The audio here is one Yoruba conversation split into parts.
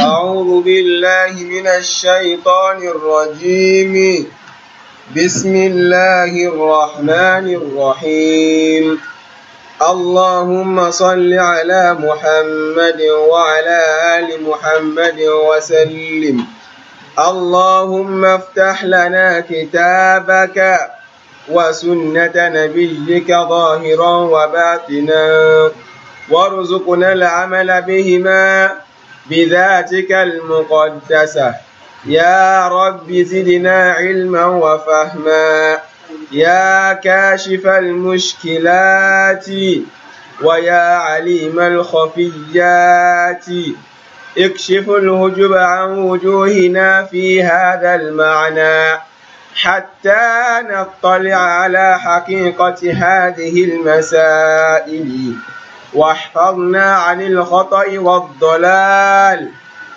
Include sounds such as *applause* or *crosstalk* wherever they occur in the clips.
أعوذ بالله من الشيطان الرجيم بسم الله الرحمن الرحيم اللهم صل على محمد وعلى آل محمد وسلم اللهم افتح لنا كتابك وسنة نبيك ظاهرا وباطنا وارزقنا العمل بهما بذاتك المقدسة يا رب زدنا علما وفهما يا كاشف المشكلات ويا عليم الخفيات اكشف الهجب عن وجوهنا في هذا المعنى حتى نطلع على حقيقة هذه المسائل واحفظنا عن الخطأ والضلال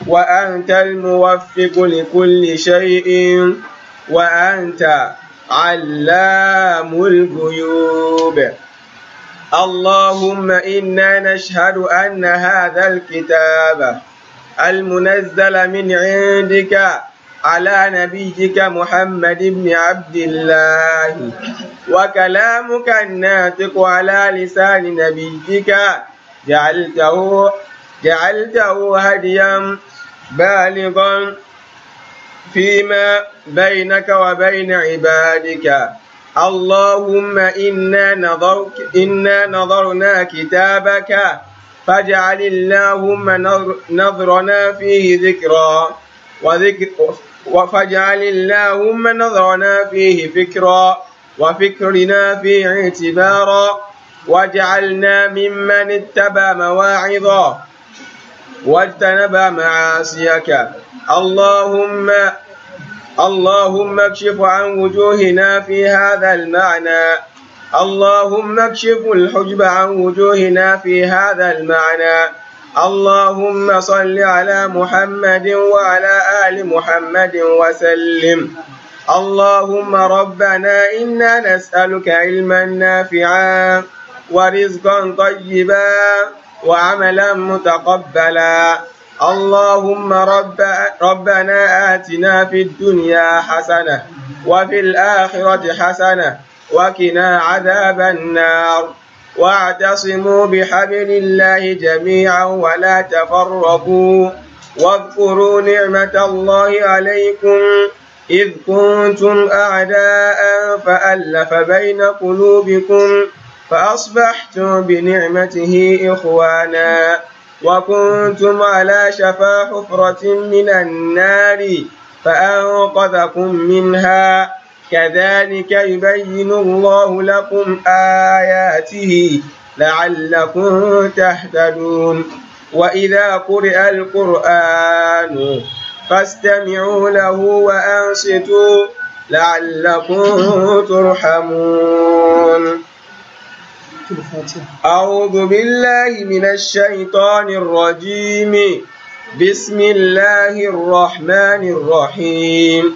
وأنت الموفق لكل شيء وأنت علام الغيوب اللهم إنا نشهد أن هذا الكتاب المنزل من عندك على نبيك محمد بن عبد الله وكلامك الناطق على لسان نبيك جعلته جعلته هديا بالغا فيما بينك وبين عبادك اللهم إنا نظرك إنا نظرنا كتابك فاجعل اللهم نظرنا فيه ذكرا وذكر وفجعل اللهم نظرنا فيه فكرا وفكرنا فيه اعتبارا واجعلنا ممن اتبع مواعظا واجتنب معاصيك اللهم اللهم اكشف عن وجوهنا في هذا المعنى اللهم اكشف الحجب عن وجوهنا في هذا المعنى اللهم صل على محمد وعلى آل محمد وسلم اللهم ربنا إنا نسألك علما نافعا ورزقا طيبا وعملا متقبلا اللهم رب ربنا آتنا في الدنيا حسنة وفي الآخرة حسنة وقنا عذاب النار واعتصموا بحبل الله جميعا ولا تفرقوا واذكروا نعمة الله عليكم إذ كنتم أعداء فألف بين قلوبكم فأصبحتم بنعمته إخوانا وكنتم على شفا حفرة من النار فأنقذكم منها كذلك يبين الله لكم آياته لعلكم تهتدون وإذا قرئ القرآن فاستمعوا له وأنصتوا لعلكم ترحمون أعوذ بالله من الشيطان الرجيم بسم الله الرحمن الرحيم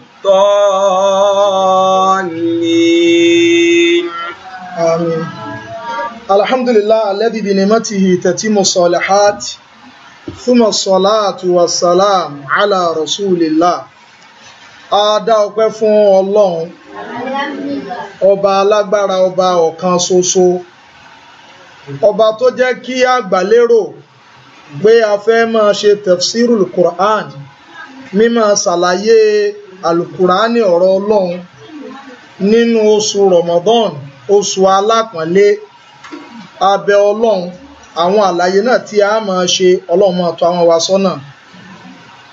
الضالين آمين الحمد لله الذي بنعمته تتم الصالحات ثم الصلاة والسلام على رسول الله a dá ọpẹ́ fún Ọlọ́run ọba alágbára ọba ọ̀kan ṣoṣo ọba tó jẹ́ kí àgbàlérò pé a fẹ́ máa ṣe tafsirul Qur'an mímọ̀ ṣàlàyé alukurani Ọrọ Ọlọrun nínú oṣù Ramadan oṣù alápọ̀nlé abẹ ọlọ́run àwọn àlàyé náà tí a máa ṣe ọlọ́run máa tọ́ àwọn wa sọ́nà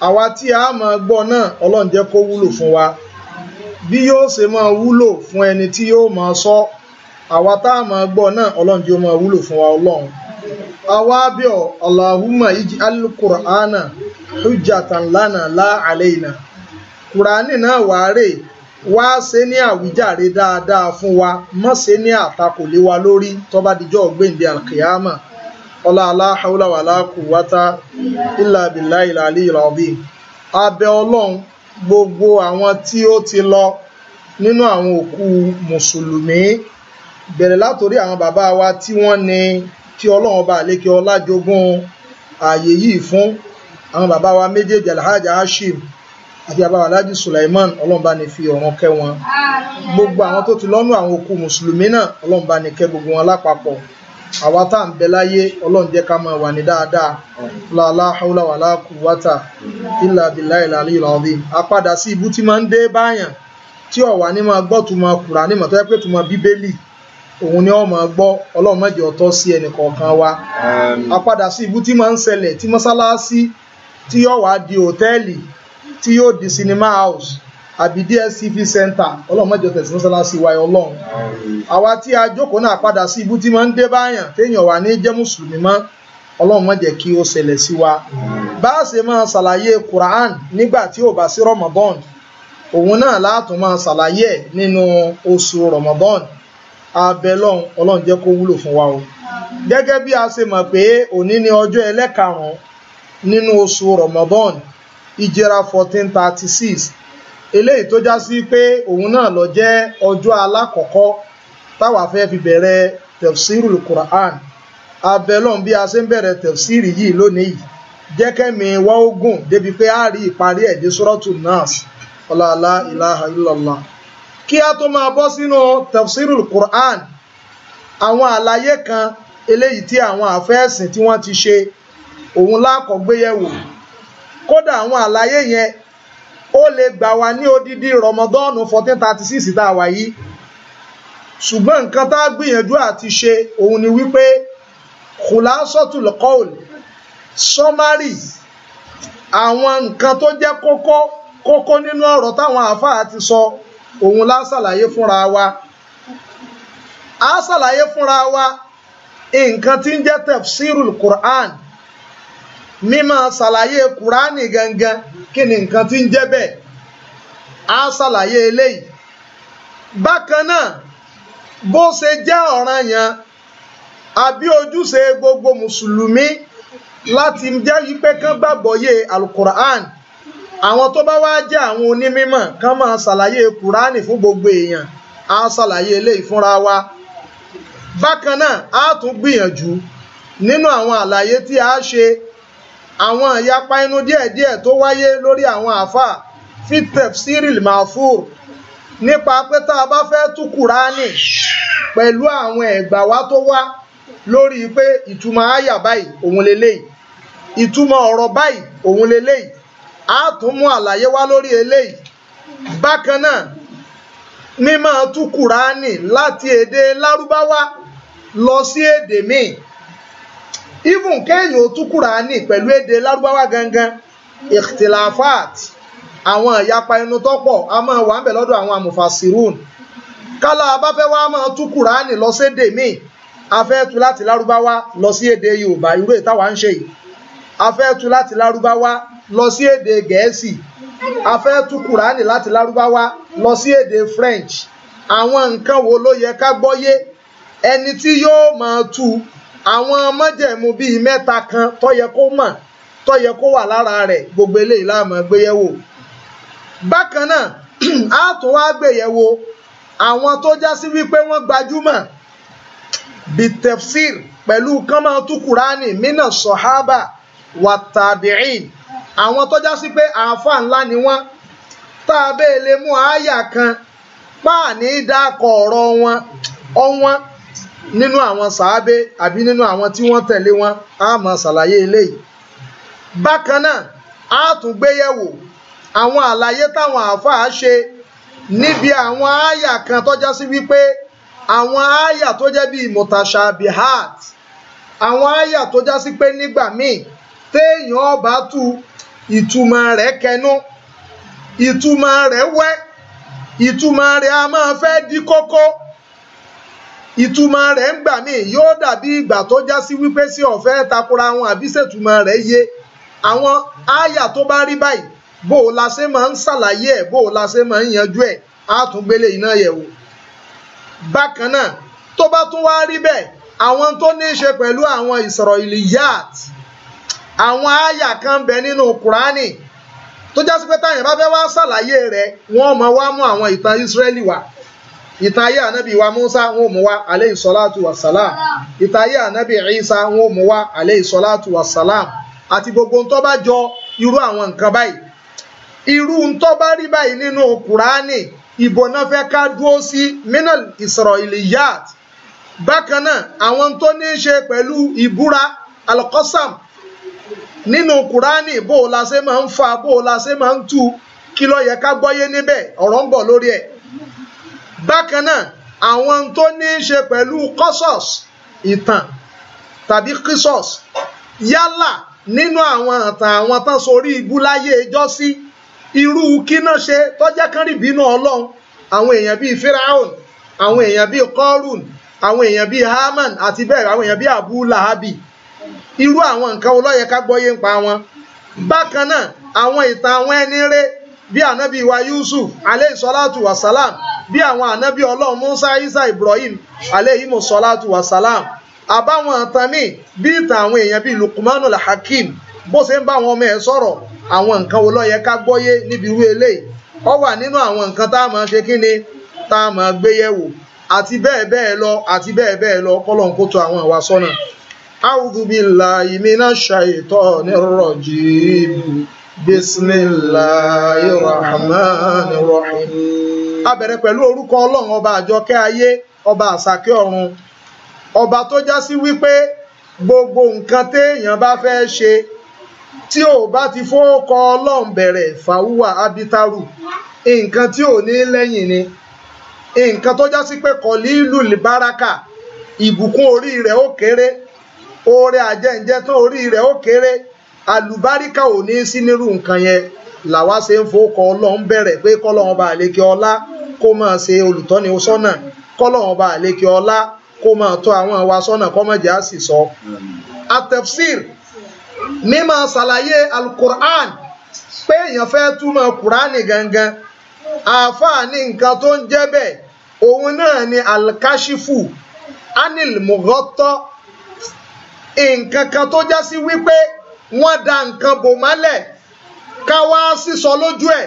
àwa tí a máa gbọ́ náà ọlọ́run jẹ́ kó wúlò fún wa bí yóò ṣe máa wúlò fún ẹni tí yóò máa sọ àwa tá a máa gbọ́ náà ọlọ́run jẹ́ ó máa wúlò fún wa ọlọ́run àwa bíọ̀ Allahumma ij'al al-Qur'ana hujjatan lana la alayna. La kùránì náà wàá rè wá ṣe ní àwíjàre dáadáa fún wa mọ́ ṣe ní àtakò lé wa lórí tó bá dijọ́ gbèǹde alkiyama ọlá aláhàúlà wà lákùúwátá ìlà bìlá ìlà àlè ìlà ọ̀bì abẹ ọlọ́run gbogbo àwọn tí ó ti lọ nínú àwọn òkú mùsùlùmí bẹ̀rẹ̀ látòrí àwọn bàbá wa tí wọ́n ní kí ọlọ́run ọba àlékè ọlá jogún ààyè yìí fún àwọn bàbá wa méjèèjì alhaji hashim àti bàbá aláàjì Sulaiman ọlọ́mba ni fi ọ̀ràn kẹ́ wọn gbogbo àwọn tó ti lọ́nù àwọn òkú mùsùlùmí náà ọlọ́mba ni kẹ́ gbogbo wọn lápapọ̀ àwa tá à ń bẹ láyé ọlọ́run jẹ́ ká máa wà ní dáadáa làlá haúlá wàlá kùwátà ìlà bìlá ìlà ìlà ọ̀bí àpadà sí ibú tí máa ń dé báyàn tí ọ̀wà ní máa gbọ́ tó máa kùrà ní mọ̀tọ́ pé tó máa bíbélì òun ni ó máa gbọ́ ọlọ́run má jẹ́ ó sí ẹnì kọ̀ọ̀kan wa àpadà sí ibú tí máa ń ṣẹlẹ̀ tí mọ́sálásí tí ọ̀wà di hòtẹ́ẹ̀lì tí yóò di cinema house àbí DSTV center ọlọ́run mọ́jọ tẹ̀sí mọ́sálásí wa ọlọ́run àwa tí a jókòó náà padà sí ibú tí máa ń dé báyàn téèyàn wà ní jẹ́ mùsùlùmí mọ́ ọlọ́run má jẹ́ kí ó ṣẹlẹ̀ sí wa bá a ṣe máa ṣàlàyé Quran nígbà tí ò bá sí Ramadan òun náà látún máa ṣàlàyé ẹ̀ nínú oṣù Ramadan abẹ́lọ́hún ọlọ́run jẹ́ kó wúlò fún wa o gẹ́gẹ́ bí a ṣe mọ̀ pé òní ni ọjọ́ ẹlẹ́karùn-ún nínú oṣù Ramadan ìjẹra fourteen thirty six eléyìí tó já sí pé òun náà lọ jẹ́ ọjọ́ alákọ̀ọ́kọ́ táwa fẹ́ fi bẹ̀rẹ̀ tẹ̀fsírù Qur'an abẹ́lọ́n bí a ṣe ń bẹ̀rẹ̀ tẹ̀fsírì yìí lónìí yìí jẹ́kẹ́mi wá ogun débi pé a rí ìparí ẹ̀ dé sọ́rọ́tù nas ọ̀làlá ìlàhà kí a tó máa bọ́ sínú tẹ̀fsírù Qur'an àwọn àlàyé kan eléyìí tí àwọn àfẹ́ẹ̀sìn tí wọ́n ti ṣe òun lákọ̀ọ́gbéyẹ̀wò kódà àwọn àlàyé yẹn ó lè gbà wá ní odidi rọmọdọ́ọ̀nù fourteen thirty six tá a wà yìí ṣùgbọ́n nǹkan tá a gbìyànjú àti ṣe òun ni wípé kùlásọ́tù lọ́kọ́ọ̀lù sọ́márì àwọn nǹkan tó jẹ́ kókó kókó nínú ọ̀rọ̀ táwọn àáfàá ti sọ òun la ṣàlàyé fúnra wa a ṣàlàyé fúnra wa nǹkan tí ń jẹ́ tafsirul Qur'an mímọ̀ ṣàlàyé kùránì gangan kí ni nǹkan tí ń jẹ́ bẹ́ẹ̀ á ṣàlàyé eléyìí bákan náà bó ṣe jẹ́ ọ̀ranyàn àbí ojúṣe gbogbo mùsùlùmí láti jẹ́ wípé kán gbàgbọ́yé alukur'an àwọn tó bá wá jẹ́ àwọn onímímọ̀ kán máa ṣàlàyé kùránì fún gbogbo èèyàn á ṣàlàyé eléyìí fúnra wa bákan náà á tún gbìyànjú nínú àwọn àlàyé tí a ṣe àwọn ìyapa inú díẹ̀díẹ̀ tó wáyé lórí àwọn àáfàá fitef cyril mahfour nípa pé tá a bá fẹ́ tú kúránì pẹ̀lú àwọn ẹ̀gbà wa tó wá lórí pé ìtumọ̀ àyà báyìí òun leléyìí ìtumọ̀ ọ̀rọ̀ báyìí òun leléyìí a tún mú àlàyé wá lórí eléyìí bákan náà mímọ́ tú kúránì láti èdè lárúbáwá lọ sí èdè míì even kéèyàn ó tú Kùránì pẹ̀lú èdè lárúbáwá gangan ìtìláfàt àwọn ìyapa ẹnu tọ́pọ̀ a máa wà ń bẹ̀ lọ́dọ̀ àwọn amòfàsírùn kálá abáfẹ́ wa máa tú Kùránì lọ sédè míì afẹ́ tú láti lárúbáwá lọ sí èdè Yorùbá irú ìtawà ń ṣe yìí afẹ́ tú láti lárúbáwá lọ sí èdè Gẹ̀ẹ́sì afẹ́ tú Kùránì láti lárúbáwá lọ sí èdè French àwọn nǹkan wo ló yẹ ká gbọ́yé ẹni tí yóò máa tú àwọn májẹ̀mú bíi mẹ́ta kan tó yẹ kó mọ̀ tó yẹ kó wà lára rẹ̀ gbogbo eléyìí la máa gbéyẹ̀wò bákan náà *clears throat* a tún wá gbéyẹ̀wò àwọn tó já sí wípé wọ́n gbajúmọ̀ bíi tefsir pẹ̀lú kánmọ́ mínà sọ̀hábà wàtàbíìn àwọn tó já sí pé àáfà ńlá ni wọ́n tá a bẹ́ẹ̀ lè mú àáyà kan páà ní dákọ̀ ọ̀rọ̀ wọn ọ̀wọ́n nínú àwọn sàábé àbí nínú àwọn tí wọ́n tẹ̀lé wọn á máa ṣàlàyé eléyìí bákan náà á tún gbéyẹ̀wò àwọn àlàyé táwọn àáfàá ṣe níbi àwọn àyà kan tó já sí wípé àwọn àyà tó jẹ́ bíi mutashabihat àwọn àyà tó já sí pé nígbà míì téèyàn ọba tu ìtumọ̀ rẹ̀ kẹnu ìtumọ̀ rẹ̀ wẹ́ ìtumọ̀ rẹ̀ a máa fẹ́ dí kókó ìtumọ̀ rẹ̀ ń gbà mí yóò dàbí ìgbà tó já sí wípé sí ọ̀fẹ́ takora wọn àbí ṣètumọ̀ rẹ̀ yé àwọn àyà tó bá rí báyìí bó o la ṣe máa ń ṣàlàyé ẹ̀ bó o la ṣe máa ń yanjú ẹ̀ á tún gbélé iná yẹ̀ wò. bákan náà tó bá tún wá rí bẹ́ẹ̀ àwọn tó ní í ṣe pẹ̀lú àwọn Israiliyat àwọn àyà kan bẹ nínú Kùránì tó já sí pé táyà bá fẹ́ wá ṣàlàyé rẹ̀ wọ́n mọ̀ wá mú àwọn ìtàn Ísírẹ́lì wá ìtàn ayé ànábì wa Musa wọn ò mú wa aleyhi salatu wa salam ìtàn ayé ànábì Isa wọn ò mú wa aleyhi salatu wa salam àti gbogbo ntọ́ bá jọ irú àwọn nǹkan báyìí irú ntọ́ bá rí báyìí nínú Kùránì ìbò náà fẹ́ ká dúró sí minal israeliyat bákan náà àwọn tó ní í ṣe pẹ̀lú ìbúra alkosam nínú Kùránì bó ṣe máa ń fa bó ṣe máa ń tu kí ló yẹ ká gbọ́yé níbẹ̀ ọ̀rọ̀ ń bákan náà àwọn tó ní í ṣe pẹ̀lú kọ́sọ̀s ìtàn tàbí kísọ̀s yálà nínú àwọn àtàn àwọn tán sórí ibú láyé ẹjọ́ sí irú kíná ṣe tọ́jẹ́ kán rí bínú ọlọ́run àwọn èèyàn bíi firaun àwọn èèyàn bíi kọ́rùn àwọn èèyàn bíi haman àti bẹ́ẹ̀ àwọn èèyàn bíi abu lahabi irú àwọn nǹkan olóyè ká gbọ́yé ń pa wọn bákan náà àwọn ìtàn àwọn ẹni rẹ̀ bí ànábì wa Yusuf aleyhi sọláàtù wasalam bí àwọn ànábì ọlọ́run Musa Isa Ibrahim aleyhi mọ̀sọ́láàtù wasalam àbáwọn àtàmì bí ìtàn àwọn èèyàn bíi Luqmanul Hakim bó ṣe ń bá àwọn ọmọ ẹ̀ sọ̀rọ̀ àwọn nǹkan wo ló yẹ ká gbọ́yé níbi irú eléyìí ó wà nínú àwọn nǹkan tá a máa ṣe kíni tá a máa gbé yẹ̀wò àti bẹ́ẹ̀ bẹ́ẹ̀ lọ àti bẹ́ẹ̀ bẹ́ẹ̀ lọ kọ́lọ́n kó tó àwọn ìwà sọ́nà. A'udhu billahi minash shaitonir rajim. بسم الله الرحمن الرحيم a bẹ̀rẹ̀ pẹ̀lú orúkọ ọlọ́run ọba àjọkẹ́ ayé ọba àsàkẹ́ ọ̀run ọba tó já sí wípé gbogbo nǹkan téèyàn bá fẹ́ ṣe tí ò bá ti fọ́ọ̀kọ ọlọ́run bẹ̀rẹ̀ fàwúwà abitaru nǹkan tí ò ní lẹ́yìn ni nǹkan tó já sí pé kọ̀lí ìlú libaraka ìbùkún orí rẹ̀ ó kéré oore àjẹǹjẹ tó orí rẹ̀ ó kéré Alubarika ò ní sí nírú nǹkan yẹn làwa ṣe ń fowókọ ọlọ́run bẹ̀rẹ̀ pé kọ́lọ́run bá àlékè ọlá kó máa ṣe olùtọ́ni sọ́nà kọ́lọ́run bá àlékè ọlá kó máa tọ́ àwọn wa sọ́nà kọ́mọ̀jẹ́ á sì sọ. atafsir mímọ ṣàlàyé alukur'an pé èèyàn fẹ́ túmọ̀ kùránì gangan àáfàá ní nǹkan tó ń jẹ́ bẹ́ẹ̀ òun náà ni alkashifu anil mughatta nǹkan kan tó já wípé wọ́n da nǹkan bò mọ́lẹ̀ ká wá sísọ lójú ẹ̀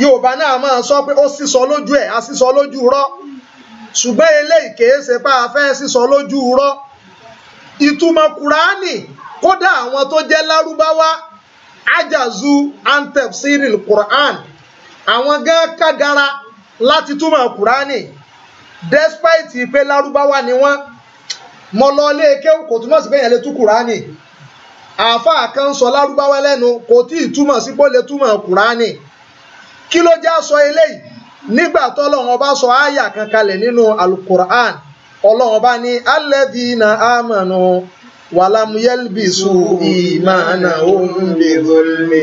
yorùbá náà máa sọ pé ó sísọ lójú ẹ̀ a sísọ lójú rọ́ ṣùgbọ́n eléyìí kìí ṣe pé a fẹ́ sísọ lójú rọ́ ìtumọ̀ kùránì kódà àwọn tó jẹ́ lárúbáwá ajazu antef cyril quran àwọn gan kádàrá láti túmọ̀ kùránì despite pé lárúbáwá ni wọ́n mo lọ ilé kéwù kò túmọ̀ sí pé yẹn lè tú kùránì àáfàá kan sọ lárúbáwá lẹ́nu kò tí ì túmọ̀ sí pé ó túmọ̀ kùránì kí ló já sọ eléyìí nígbà tọ́lọ́run ọba sọ àyà kan kalẹ̀ nínú alukur'an ọlọ́run ọba ní alladhina amanu wàlámúyẹ́lbìsù ìmánà òun lè rọlmi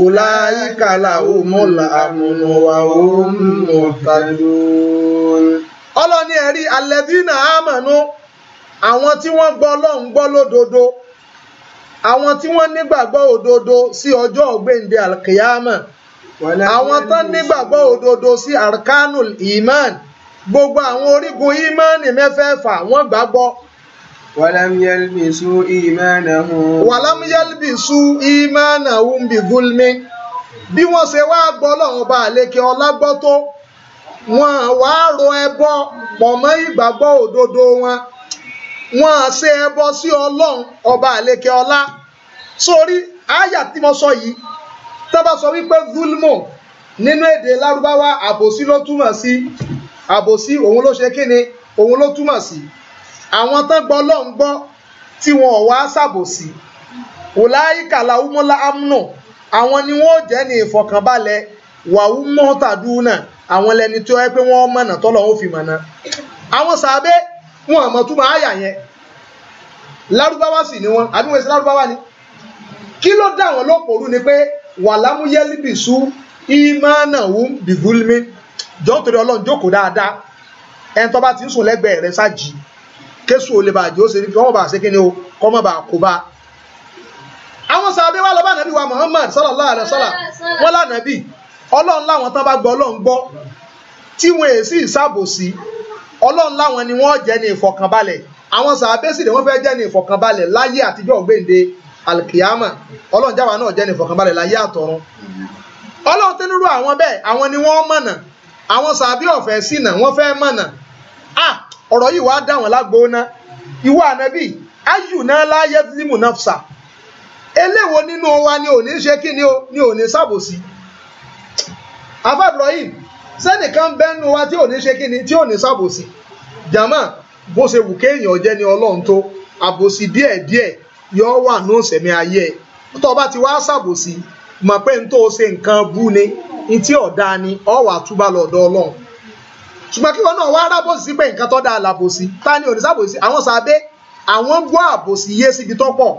ọláyíkà làwọn mọ́là àmúnú wa òun mọ̀tàlú. ọlọ́ni ẹ̀rí alladhina amanu àwọn tí wọ́n gbọ́ ọlọ́run gbọ́ lódodo. àwọn tí wọ́n nígbàgbọ́ òdodo sí ọjọ́ ògbéǹde alkiyama àwọn tán nígbàgbọ́ òdodo sí arkanul iman gbogbo àwọn orígun imani mẹ́fẹ̀ẹ̀fà wọ́n gbàgbọ́. wàlám yalbisu imanahum. wàlám yalbisu imanahum bí gulmi bí wọ́n ṣe wá gbọ́ lọ́wọ́ bá àlékè ọlágbọ́ tó wọ́n wàá ro ẹbọ pọ̀ mọ́ òdodo wọn wọn ṣe ẹbọ sí ọlọ́run ọba àlekè ọlá sórí àyà tí mo sọ yìí tó bá sọ wípé zulmo nínú èdè lárúbáwá àbòsí ló túmọ̀ sí àbòsí òun ló ṣe kíni òun ló túmọ̀ sí àwọn tán gbọ́ ọlọ́run gbọ́ tí wọn ò wá ṣàbòsí wòláyíkà làwùmọ́lá amúnà àwọn ni wọn ò jẹ́ ní ìfọ̀kànbalẹ̀ wàhùn mọ́tàdúnà àwọn lẹni tó yẹ pé wọ́n mọ̀nà tọ́lọ́run fi mọ̀nà àwọn sàbẹ́ wọn àmọ́ túmọ̀ àyà yẹn lárúbáwá sì ni wọn àbí wọn ṣe lárúbáwá ni kí ló dá àwọn lọ́pọ̀ọ́rú ni pé wàlámúyẹ́lìbìsú ìmánàwó bìgúlmi jọ́ torí ọlọ́run jókòó dáadáa ẹni tó bá ti ń sùn lẹ́gbẹ̀ẹ́ rẹ ṣáàjì késù olè bàjẹ́ ó ṣe ní kí wọ́n bá ṣe kí ni o kọ́ mọ́ bá kó bá. àwọn sàbẹ̀ wà lọ́ba nàbí wa Muhammad sallallahu alayhi wa sallam wọ́n lànàbí ọlọ́run láwọn tán bá gbọ́ ọlọ́run gbọ́ tí wọ́n èsì ìsàbòsí ọlọ́run láwọn ni wọ́n jẹ́ ní ìfọ̀kànbalẹ̀ àwọn sàbẹ́sì ni wọ́n fẹ́ jẹ́ ní ìfọ̀kànbalẹ̀ láyé àtijọ́ gbèǹde alkiyama ọlọ́run jáwa náà jẹ́ ní ìfọ̀kànbalẹ̀ láyé àtọ̀run ọlọ́run tó nírú àwọn bẹ́ẹ̀ àwọn ni wọ́n mọ̀nà àwọn sàbí ọ̀fẹ́ sínà wọ́n fẹ́ mọ̀nà à ọ̀rọ̀ yìí wàá dà wọ́n lágbóná ìwọ ànábì ayù náà láyé limu nafsa eléwo nínú wa ni ò ní ṣe o ni ò ní ṣàbòsí àbá sẹ́nìkan bẹ́nu wa tí ò ní ṣe kíni tí ò ní ṣàbòsí jàmá bó ṣe wù kéèyàn jẹ́ ni ọlọ́run tó àbòsí díẹ̀díẹ̀ yọ wà ní òsèmí ayé ẹ̀ tó bá ti wá ṣàbòsí mọ̀ pé n tó ṣe nǹkan bú ni n tí ọ̀dà ni ọ̀ wà túbà lọ́dọ̀ ọlọ́run ṣùgbọ́n kí wọn náà wá rábòsí pé nǹkan tó dáa làbòsí ta ni ò ní ṣàbòsí àwọn sàbẹ́ àwọn gbọ́ àbòsí yé síbi tó pọ̀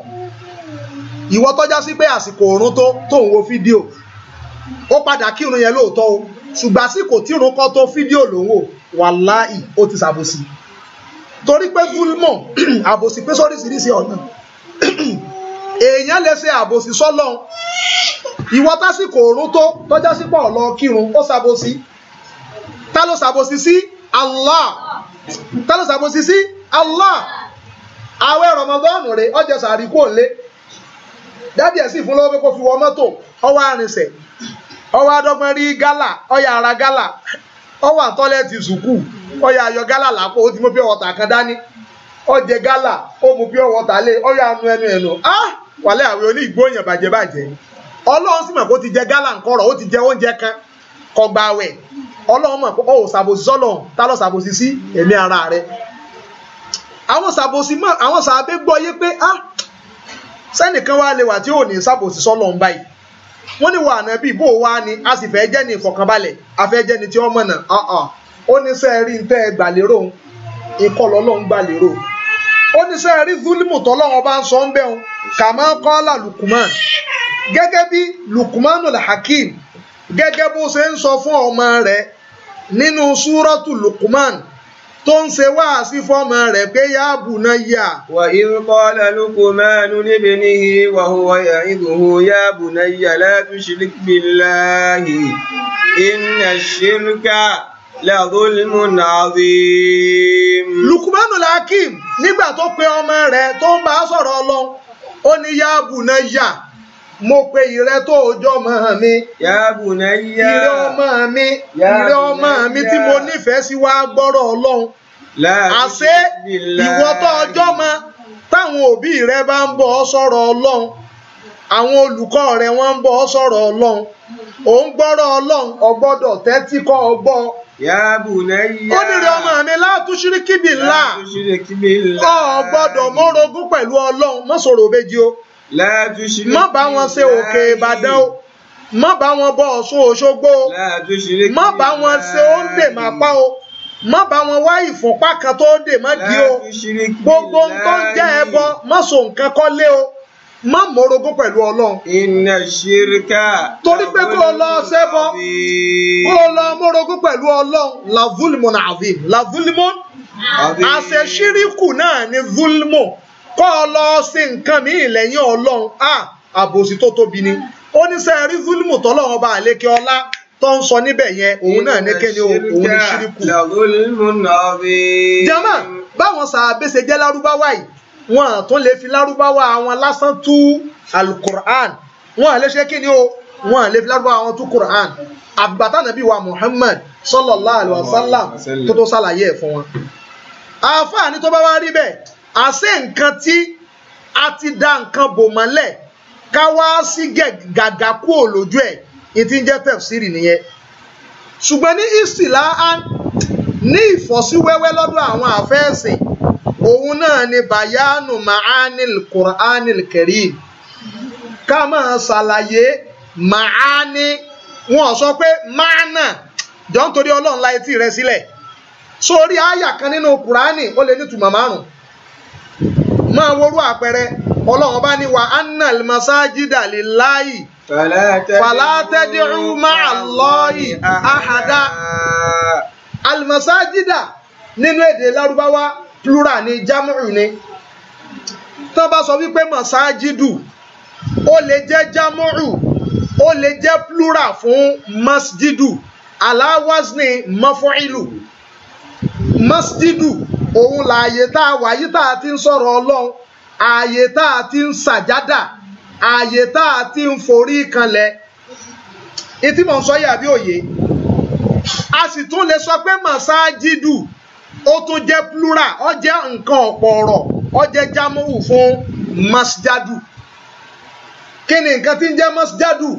ìwọ tọ́já sí pé àsìkò òórùn tó tóun wo fídíò ó padà kírun yẹn lóòótọ́ o ṣùgbọ́n àsìkò tí irun kan tó fídíò lówó wàláì ó ti ṣàbòsí torí pé gúlmọ̀ *clears throat* àbòsí pé sóríṣiríṣi ọ̀nà *clears throat* èèyàn lè ṣe àbòsí sọ́lọ́ ìwọ tásìkò òórùn tó tọ́já sípò ọ̀lọ́ kírun ó ṣàbòsí ta ló ṣàbòsí sí Allah ta ló ṣàbòsí sí Allah àwẹ̀ rọmọdọ́ọ̀nù rẹ̀ ọjà sàríkò lé dádì ẹ̀ sì fún lọ́wọ́ pé kó fi wọ mọ́tò ọwọ́ àrìnsẹ̀ ọwọ́ adọ́gbọ́n rí gálà ọyà ara gálà ọwọ́ àtọ́lẹ́ẹ̀tì sùkúù ọya ayọ gálà làpò o ti mú pure water kan dání ọjẹ gálà o mu pure water ọ ọyà anu ẹnu ẹnu ah wàlẹ àwọn oní ìgbóyàn bàjẹ́ bàjẹ́ sì ti jẹ gálà nkọrọ o ti jẹ oúnjẹ kan kọgbà ta sí ara rẹ̀ àwọn àwọn wọ́n ní wà ànábì bó wá ní a sì fẹ́ jẹ́ ní ìfọ̀kànbalẹ̀ àfẹ́ jẹ́ ní tí ọmọ náà ọ̀hún ó ní sẹ́ẹ̀ rí ntẹ́ gbàlérò ìkọlọ́ ló ń gbàlérò ó ní sẹ́ẹ̀ rí zulimu tọ́lọ́wọ́n bá ń sọ ń bẹ̀ wọn kà máa ń kọ́ là lukuman gẹ́gẹ́ bí lukumanu hakim gẹ́gẹ́ bó ṣe ń sọ fún ọmọ rẹ̀ nínú súrọ́tù lukuman tó ń ṣe wá sí fọ́mọ rẹ̀ pé yáàbù náà yà. wà ìlú kọ́lá Lukumanu níbi níhi wà hùwà ìdùnnú yáàbù náà yà la tushrik billahi inna shirka la Lukumanu lakim nígbà tó pe ọmọ rẹ̀ tó ń bá sọ̀rọ̀ Ọlọ́run ó ní yáàbù náà yà. mo pe ire to ojo ọmọ mi ire ọmọ mi ire ọmọ mi ti mo nífẹ̀ẹ́ sí wá gbọ́rọ̀ ọlọ́run àṣé ìwọ tó ọjọ́ mọ táwọn obi rẹ bá ń bọ̀ ọ́ sọ̀rọ̀ ọlọ́run àwọn olùkọ́ rẹ wọ́n ń bọ̀ ọ́ sọ̀rọ̀ ọlọ́run ò ń gbọ́rọ̀ ọlọ́run o gbọ́dọ̀ ó ní rí ọmọ mi látúnṣírí kíbi ńlá o gbọ́dọ̀ mọ́rogún pẹ̀lú ọlọ́run òbejì o. má bá wọn ṣe òkè ìbàdàn o má bá wọn bọ ọ̀ṣun òṣogbo o má bá wọn ṣe òǹdè màpá o má bá wọn wá ìfúnpá kan tó dè má di o gbogbo ń tó ń jẹ́ ẹbọ má so nǹkan kọ́ lé o má mọ̀rogún pẹ̀lú ọlọ́run. iná ṣíríkà. torí pé kó o lọ ṣẹbọ kó o lọ mọ̀rogún pẹ̀lú ọlọ́run la vulimon avim la vulimon àṣẹ ṣíríkù náà ni vulimon kọ́ ọ lọ sí nǹkan míì lẹ́yìn ọlọ́run a àbòsí tó tóbi ni ó ní sẹ́ rí fílímù tọ́lọ́run ọba àlékè ọlá tó ń sọ níbẹ̀ yẹn òun náà ní kéde òun ní ṣíríkù. jama báwọn sàábé ṣe jẹ́ lárúbáwá yìí wọn àtún lè fi lárúbáwá wọn lásán tú alukur'an wọn à ṣe kí ni o wọn à fi lárúbáwá wọn tú kur'an àgbàtà nàbí wa Muhammad sallallahu alaihi wasallam tó tó ṣàlàyé ẹ̀ fún wọn. àfáà ni tó bá wá rí bẹ́ẹ̀ àṣé nǹkan tí a ti da nǹkan bò mọ́lẹ̀ ká wá sí gàgà kúò lójú ẹ̀ ìtí ń jẹ́ tẹ̀síìrì nìyẹn ṣùgbọ́n ní istilahan ní ìfọ́síwẹ́wẹ́ lọ́dọ̀ àwọn àfẹ́ẹ̀sìn òun náà ni bayanu ma'anil qur'anil karim ká máa ṣàlàyé ma'ani wọn sọ pé ma'ana jọ ń torí ọlọ́run la etí rẹ sílẹ̀ sórí àyà kan nínú qur'ani ó lè nítumọ̀ márùn-ún máa worú àpẹẹrẹ ọlọ́run bá ní wa annal masajida lillahi fala tad'u ma'a Allahi ahada almasajida nínú èdè lárúbáwá plural ni jam'u ni tán bá sọ wípé masajidu ó lè jẹ́ jam'u ó lè jẹ́ plural fún masjidu aláwásní mọ́fọ́ ìlú masjidu òun aye tá a wáyé tá a ti ń sọ̀rọ̀ ọlọ́run ààyè tá a ti ń sàjádà ààyè tá a ti ń forí kanlẹ̀ etí mọ̀ ń sọ òye a sì tún lè sọ pé màsáájídù ó tún jẹ́ plural ó jẹ́ nǹkan ọ̀pọ̀ ọ̀rọ̀ ó jẹ́ fún masjadu kí ni nǹkan tí ń masjadu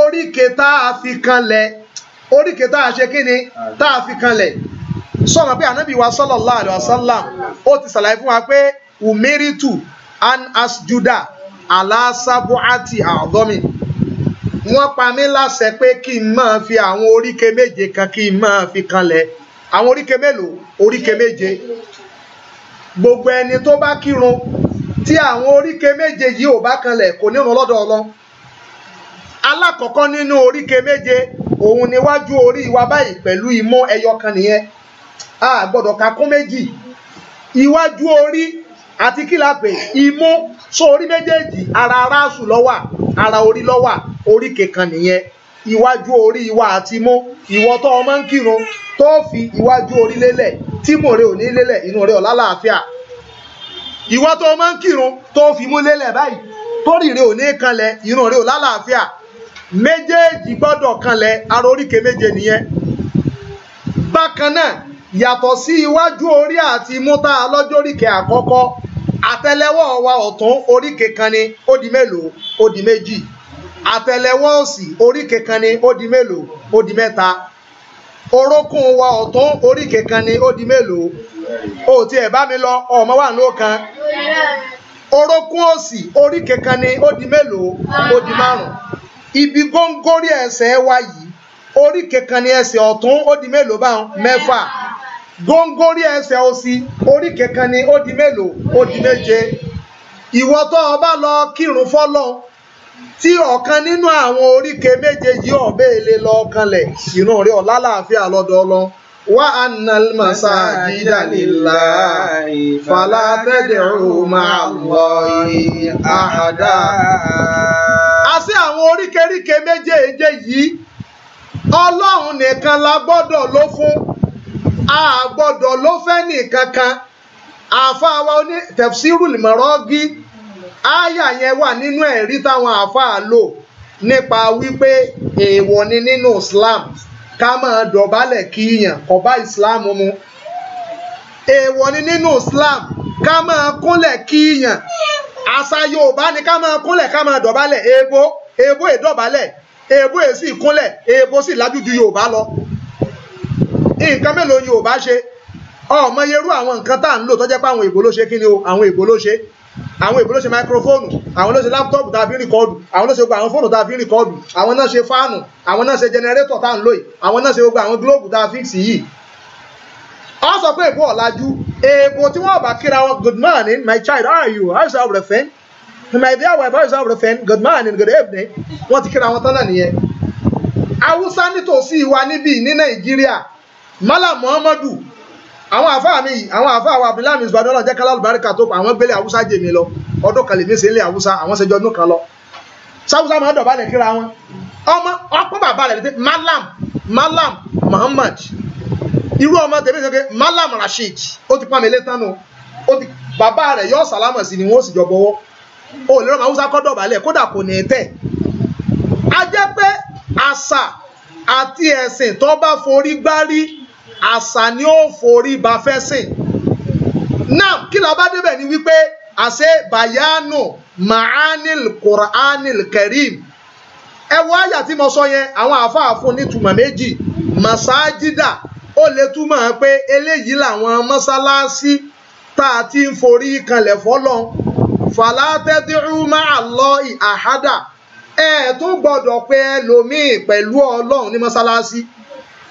oríkè tá a fi kanlẹ̀ sọ̀rọ̀ pé ànábì wa sallallahu alaihi wasallam ó ti ṣàlàyé fún wa pé umiritu an asjuda alasabuati àdọ́mi wọ́n pa mí láṣẹ pé kí n máa fi àwọn oríkè méje kan kí n máa fi kanlẹ̀ àwọn oríkè mélòó oríkè méje gbogbo ẹni tó bá kírun tí àwọn oríkè méje yìí ò bá kanlẹ̀ kò nírun lọ́dọ̀ ọlọ́ alákọ̀ọ́kọ́ nínú oríkè méje òun níwájú orí wa báyìí pẹ̀lú imú ẹyọ kan nìyẹn a gbọ́dọ̀ ka kún méjì iwájú orí àti kílàpẹ̀ imú so orí méjèèjì ara aráàsù lọ́wà ara orí lọ́wà orí kẹkàn nìyẹn iwájú orí ìwà àti imú ìwọ tó ọmọ ń kírun tó fi iwájú orí lélẹ̀ tí mò rẹ ò ní lélẹ̀ inú rẹ ọ̀la láàfíà ìwọ tó ọmọ ń kírun tó fi mú lélẹ̀ báyìí torí rẹ ò ní kanlẹ̀ inú rẹ ọ̀la láàfíà méjèèjì gbọ́dọ̀ kanlẹ̀ ara oríkè méje nìyẹn bákan náà yàtọ̀ sí iwájú orí àti imú tá a lọ́jọ́ oríkèé àkọ́kọ́ àtẹlẹwọ́ wa ọ̀tún oríkèé kan ni ó di mélòó ó di méjì àtẹlẹwọ́ òsì oríkèé kan ni ó di mélòó ó di mẹ́ta orókùn wa ọ̀tún oríkèé kan ni ó di mélòó ó tiẹ̀ bá mi lọ ọmọ wà ní òkan orókùn òsì oríkèé kan ni ó di mélòó ó di márùn ibi góńgórí ẹsẹ̀ wa yìí oríkèé kan ni ẹsẹ̀ ọ̀tún ó di mélòó báwọn mẹ́fà góńgórí ẹsẹ̀ òsì orí kankan ni ó di mélòó ó di méje ìwọ tó o bá lọ kírun fọlọ tí ọ̀kan nínú àwọn oríkè méjèèjì ọ̀bẹ èlé lọ kanlẹ̀ inú rẹ̀ ọ̀la láàfin àlọ́dọ̀ lọ. wá anal masajida lillahi fala tad'u ma'a Allahi ahada. àṣé àwọn oríkèríkè méjèèjì yìí ọlọ́run nìkan la gbọ́dọ̀ ló fún a gbọ́dọ̀ ló fẹ́ nìkan kan àáfàá wa oní tafsirul maragi ááyà yẹn wà nínú ẹ̀rí táwọn àáfàá lò nípa wípé èèwọ̀ ni nínú Islam ká máa dọ̀bálẹ̀ kíyàn kò bá Islam mu èèwọ̀ ni nínú Islam ká máa kúnlẹ̀ kíyàn àṣà Yorùbá ni ká máa kúnlẹ̀ ká máa dọ̀bálẹ̀ èèbó èèbó èdọ̀bálẹ̀ èèbó èsì kúnlẹ̀ èèbó sì lájú ju Yorùbá lọ nǹkan mélòó ni ò bá ṣe ọmọ yerú àwọn nǹkan tá à ń lò tó jẹ́ pé àwọn èbó ló ṣe kí ni o àwọn èbó ló ṣe àwọn èbó ló ṣe máikrófóònù àwọn ló ṣe láptọ́ọ̀pù tá a fi ń rìkọ́ọ̀dù àwọn ló ṣe gbogbo àwọn fóònù tá a fi ń rìkọ́ọ̀dù àwọn náà ṣe fáànù àwọn náà ṣe jẹnẹrétọ̀ tá à ń lò yìí àwọn náà ṣe gbogbo àwọn gílóòbù tá a fi ń sì yìí. ọ sọ pé èbó ọ̀làjú èbó tí wọ́n bá kíra wọn good morning my child how are you how is your friend my dear wife how is your friend good morning good evening wọ́n ti kíra wọn tán náà nìyẹn. haúsá nítòsí wa níbí ní nàìjíríà mala muhammadu àwọn àfáà mi àwọn àfáà wa abdullahi musu adúlọ jẹ kálá alùbáríkà tó àwọn gbélé haúsá jẹ mi lọ ọdún kan lè ní sẹlẹ haúsá àwọn sẹjọ ọdún kan lọ sáwùsá máa dọ̀bálẹ̀ kíra wọn ọmọ ọpọ bàbá rẹ tẹ malam malam muhammad irú ọmọ tèmi sọ pé malam rasheed ó ti pa mi létan nù ó ti bàbá rẹ yọ sàlámà sí ni wọn ó sì jọ bọwọ ó lè rọ haúsá kọ dọ̀bálẹ̀ kódà kò ní tẹ a jẹ pé àṣà àti ẹsìn tó bá forí gbárí àṣà ni ó forí ba fẹ́ sìn náà kí la bá débẹ̀ ni wípé àṣẹ bayanu ma'anil qur'anil karim ẹ wọ àyà tí mo sọ yẹn àwọn àáfàá fún nítumọ̀ méjì masajida ó lè túmọ̀ pé eléyìí làwọn mọ́sálásí tá a ti ń forí kanlẹ̀ fọ́lọ́n fàlátẹ́dírú máa lọ àhádà ẹ̀ tó gbọ́dọ̀ pé ẹlòmíì pẹ̀lú ọlọ́run ní mọ́sálásí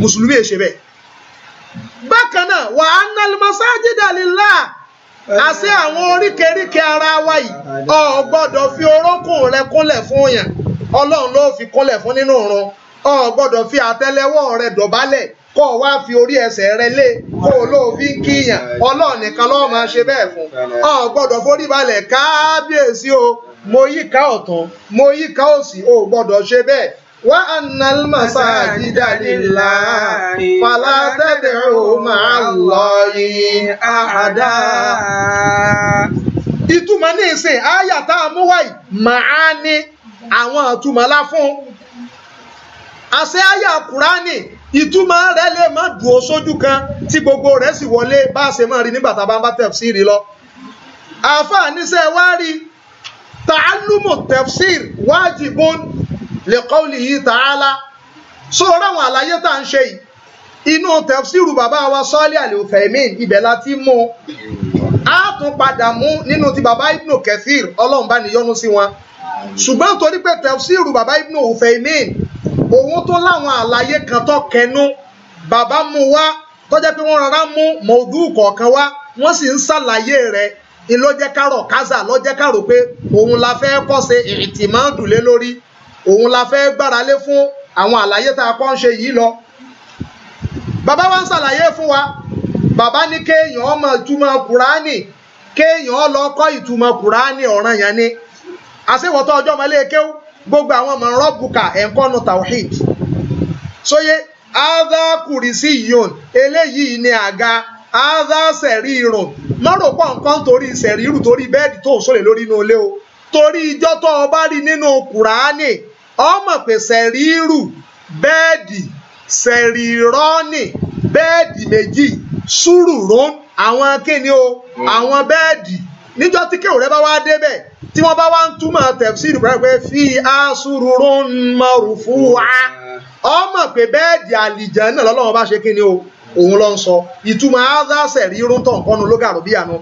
mùsùlùmí èṣe bẹ́ẹ̀ bákan náà wà á nalimasajida lillah àṣẹ àwọn oríkèéríkèé ara wa yìí ọ gbọ́dọ̀ fi orókùn rẹ kúnlẹ̀ fún yàn Ọlọ́run ló fi kúnlẹ̀ fún nínú ìrun ọ gbọ́dọ̀ fi àtẹ́lẹwọ́ rẹ dọ̀bálẹ̀ kó o wá fi orí ẹsẹ̀ rẹ lé kó o lóò fi ń kíyàn ọlọ́ọ̀ nìkan lọ́ọ́ máa ṣe bẹ́ẹ̀ fún ọ gbọ́dọ̀ forí balẹ̀ káábíyèsí o mo yíká ọ̀tún mo yíká òsì o gbọ́dọ̀ ṣe bẹ́ẹ̀ وأن المساجد لله فلا تدعوا مع الله أحدا ìtumọ̀ ní ìsìn àyà tá a mú wáyìí màá ní àwọn ìtumọ̀ lá fún àṣẹ àyà kùránì ìtumọ̀ rẹ̀ lè má dùn sójú kan tí gbogbo rẹ̀ sì wọlé bá a ṣe máa rí nígbà tá a bá ń bá tẹ̀síìrì lọ àáfàá níṣẹ́ wá rí tàálùmù li qawlihi ta'ala sọ̀rọ̀ àwọn àlàyé tá à ń ṣe yìí inú tẹ̀síìrù bàbá wa sọ́ọ́lì àlèfẹ̀mí ibẹ̀ la ti mú a tún padà mú nínú ti bàbá ibnu kẹfìr ọlọ́run bá níyọ́nú sí wọn ṣùgbọ́n torí pé tẹ̀síìrù bàbá ibnu òfẹ̀mí òun tó láwọn àlàyé kan tó kẹnu bàbá mu wá tó pé wọ́n rárá mú mọ̀ọ́dù kọ̀ọ̀kan wá wọ́n sì ń ṣàlàyé rẹ̀ ìlọ́jẹ́kárọ̀ kásà lọ́jẹ́kárò pé òun la fẹ́ kọ́ ṣe ìtìmọ́ọ̀dù lé lórí òun la fẹ́ gbára lé fún àwọn àlàyé tá a kọ́ ń ṣe yìí lọ bàbá wa ń ṣàlàyé fún wa bàbá ní kéèyàn ọmọ ìtumọ̀ kùránì kéèyàn lọ kọ́ ìtumọ̀ kùránì ọ̀ràn yẹn ni àṣewọ̀tọ́ ọjọ́ ọmọ ilé kéwú gbogbo àwọn ọmọ rọ́bùkà ẹ̀ńkọ́nù tawhid sóyè áádá kùrìsì yòn eléyìí ni àga áádá sẹ̀rí irun mọ́rò pọ̀ nǹkan torí sẹ̀rí irun torí bẹ́ẹ̀dì tó ń sólè lórí inú ilé o torí ìjọ́ tó o bá rí nínú kùránì ọmọ pé sẹ̀rírù bẹ́ẹ̀dì sẹ̀rírọ́ọ̀nì bẹ́ẹ̀dì méjì sùrùrù àwọn akéèní o àwọn bẹ́ẹ̀dì níjọ́ tí kéwòn rẹ bá wá débẹ̀ tí wọ́n bá wá ń túmọ̀ tẹ̀síìrì rẹ̀ fi àsùrùrù ń fún wa ọmọ pé bẹ́ẹ̀dì àlìjẹ́ náà lọ́lọ́wọ́n bá ṣe kí o òun ló ń sọ ìtumọ̀ áádá sẹ̀rí irun tó nǹkan nu ló gàrú bí àná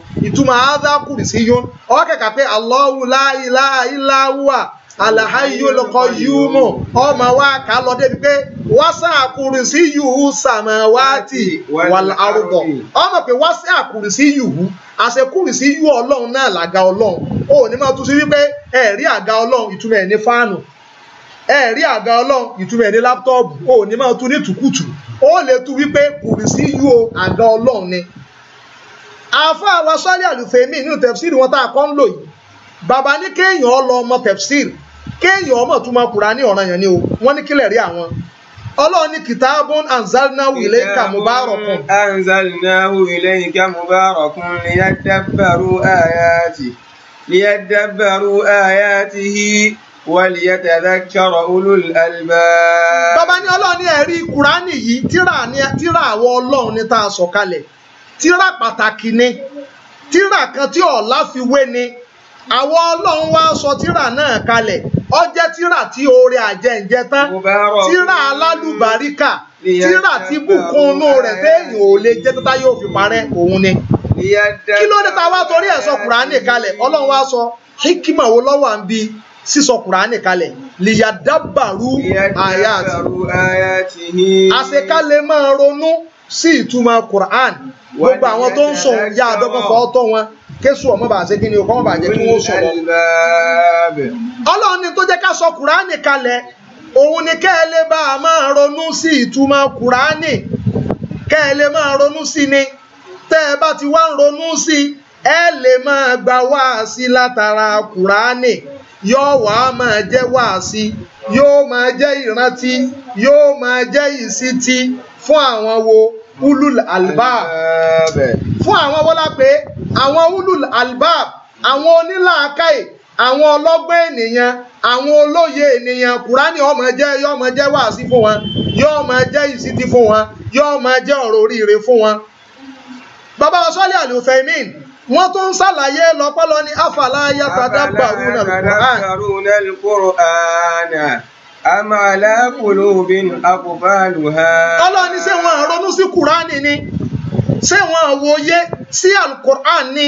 yún ọ̀kẹ́kà pé Allahu la ilaha illa huwa alahayul qayyumu ọmọ wa kà lọ débi pé wasa akurusi yuhu samawati wal ardo ọmọ pé wasa àkùrìsí yuhu kurusi yu ọlọ́run náà laga ọlọ́run ó ní máa tún sí wípé ẹ̀rí àga ọlọ́run ìtumọ̀ ẹ̀ ní fáànù ẹ̀rí àga ọlọ́run ìtumọ̀ ẹ̀ ní láptọ́ọ̀bù ó ní máa tún ní tùkùtù ó lè tún wípé kùrìsí yu àga ọlọ́run ni àfa àwa sọ́lé àlùfẹ́mí nínú tẹ̀fsíìrì wọn tá a kọ́ ń lò yìí bàbá ní kéèyàn ọ lọ ọmọ tẹ̀fsíìrì kéèyàn ọmọ tó máa Kùránì ọ̀ràn yẹn ni o wọ́n ní kílẹ̀ rí àwọn ọlọ́run ní kìtàbùn anzalnahu ilayka mubarakun. anzalnahu ilayka mubarakun liyadabbaru ayati liyadabbaru ayatihi wàlíyàtàdákàrọ̀ olùlàlbà. bàbá ní ọlọ́run ní ẹ̀rí kúránì yìí tíra àwọn ọlọ́run ní tá a sọ̀kalẹ̀ tíra pàtàkì ni tíra kan tí ọ̀la fi wé ni. àwọn ọlọ́run wá sọ tíra náà kalẹ̀ ó jẹ́ tíra tí oore àjẹǹjẹ tán tíra alálùbáríkà tíra tí bùkúnnú rẹ̀ téèyàn ò lè jẹ́ tọ́tá yóò fi parẹ́ òun ni. kí ló dé ta wá torí ẹ̀ sọ kùránì kalẹ̀ ọlọ́run wá sọ hikima wo lọ́wọ́ à ń bi sísọ kùránì kalẹ̀ lìyàdábàrú àyàtì àṣekalẹ̀ máa ronú sí ìtumọ̀ kùránì gbogbo àwọn tó ń sọ yá àdọ́gbọ́n tọ́ wọn késù ọmọ bá ṣe kí ni bá jẹ́ kí wọ́n sọ̀rọ̀. ọlọ́run ni tó jẹ́ ká sọ kùránì kalẹ̀ òun ni kẹ́ ẹ lè bá a máa ronú sí ìtumọ̀ kùránì kẹ́ ẹ lè máa ronú sí ni tẹ́ ẹ bá ti wá ń ronú sí ẹ lè máa gba wáàsí látara kùránì yóò wá máa jẹ́ wáàsí yóò máa jẹ́ ìrántí yóò máa jẹ́ ìsítí fún àwọn wo ulul alba fún àwọn wọ́lá pé àwọn ulul albab àwọn onílàákàyè àwọn ọlọ́gbọ́n ènìyàn àwọn olóye ènìyàn kùránì ọmọ jẹ́ yọ́ ọmọ jẹ́ wàásí fún wọn yọ́ ọmọ jẹ́ ìsítí fún wọn yọ́ ọmọ jẹ́ ọ̀rọ̀ oríire fún wọn. bàbá sọ́lé àlùfẹ́mìn wọ́n tó ń ṣàlàyé lọ́pọ́lọ́ ní àfàlà yatadabbaruna al-Qur'ana am ala qulubin aqfaluha. ọlọ́ni ṣé wọn ronú sí kùránì ni ṣé wọn wòye sí alukur'an ni